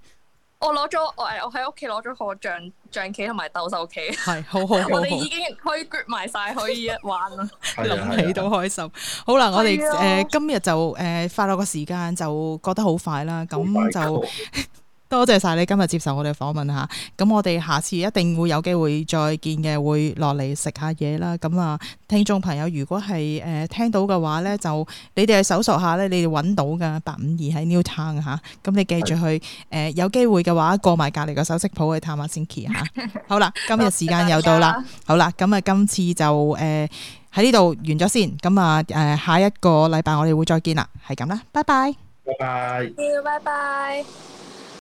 我攞咗我誒，我喺屋企攞咗個象象棋同埋鬥獸棋，係好好， 好，好我哋已經可以 group 埋晒，可以一玩啦，諗 的起都開心。的好啦，的我哋誒、呃、今日就誒快樂個時間就覺得好快啦，咁就。無 多謝晒你今日接受我哋訪問吓，咁、啊、我哋下次一定會有機會再見嘅，會落嚟食下嘢啦。咁啊，聽眾朋友如果係誒、呃、聽到嘅話咧，就你哋去搜索下咧，你哋搵到噶八五二喺 New Town 吓，咁、啊、你記住去誒是、呃，有機會嘅話過埋隔籬個首飾鋪去探下先 Sinki 吓。 好啦，今日時間又到啦， 好啦，咁、嗯、啊今次就誒喺呢度完咗先，咁啊誒下一個禮拜我哋會再見啦，係、就、咁、是、啦，拜拜，拜拜，拜拜。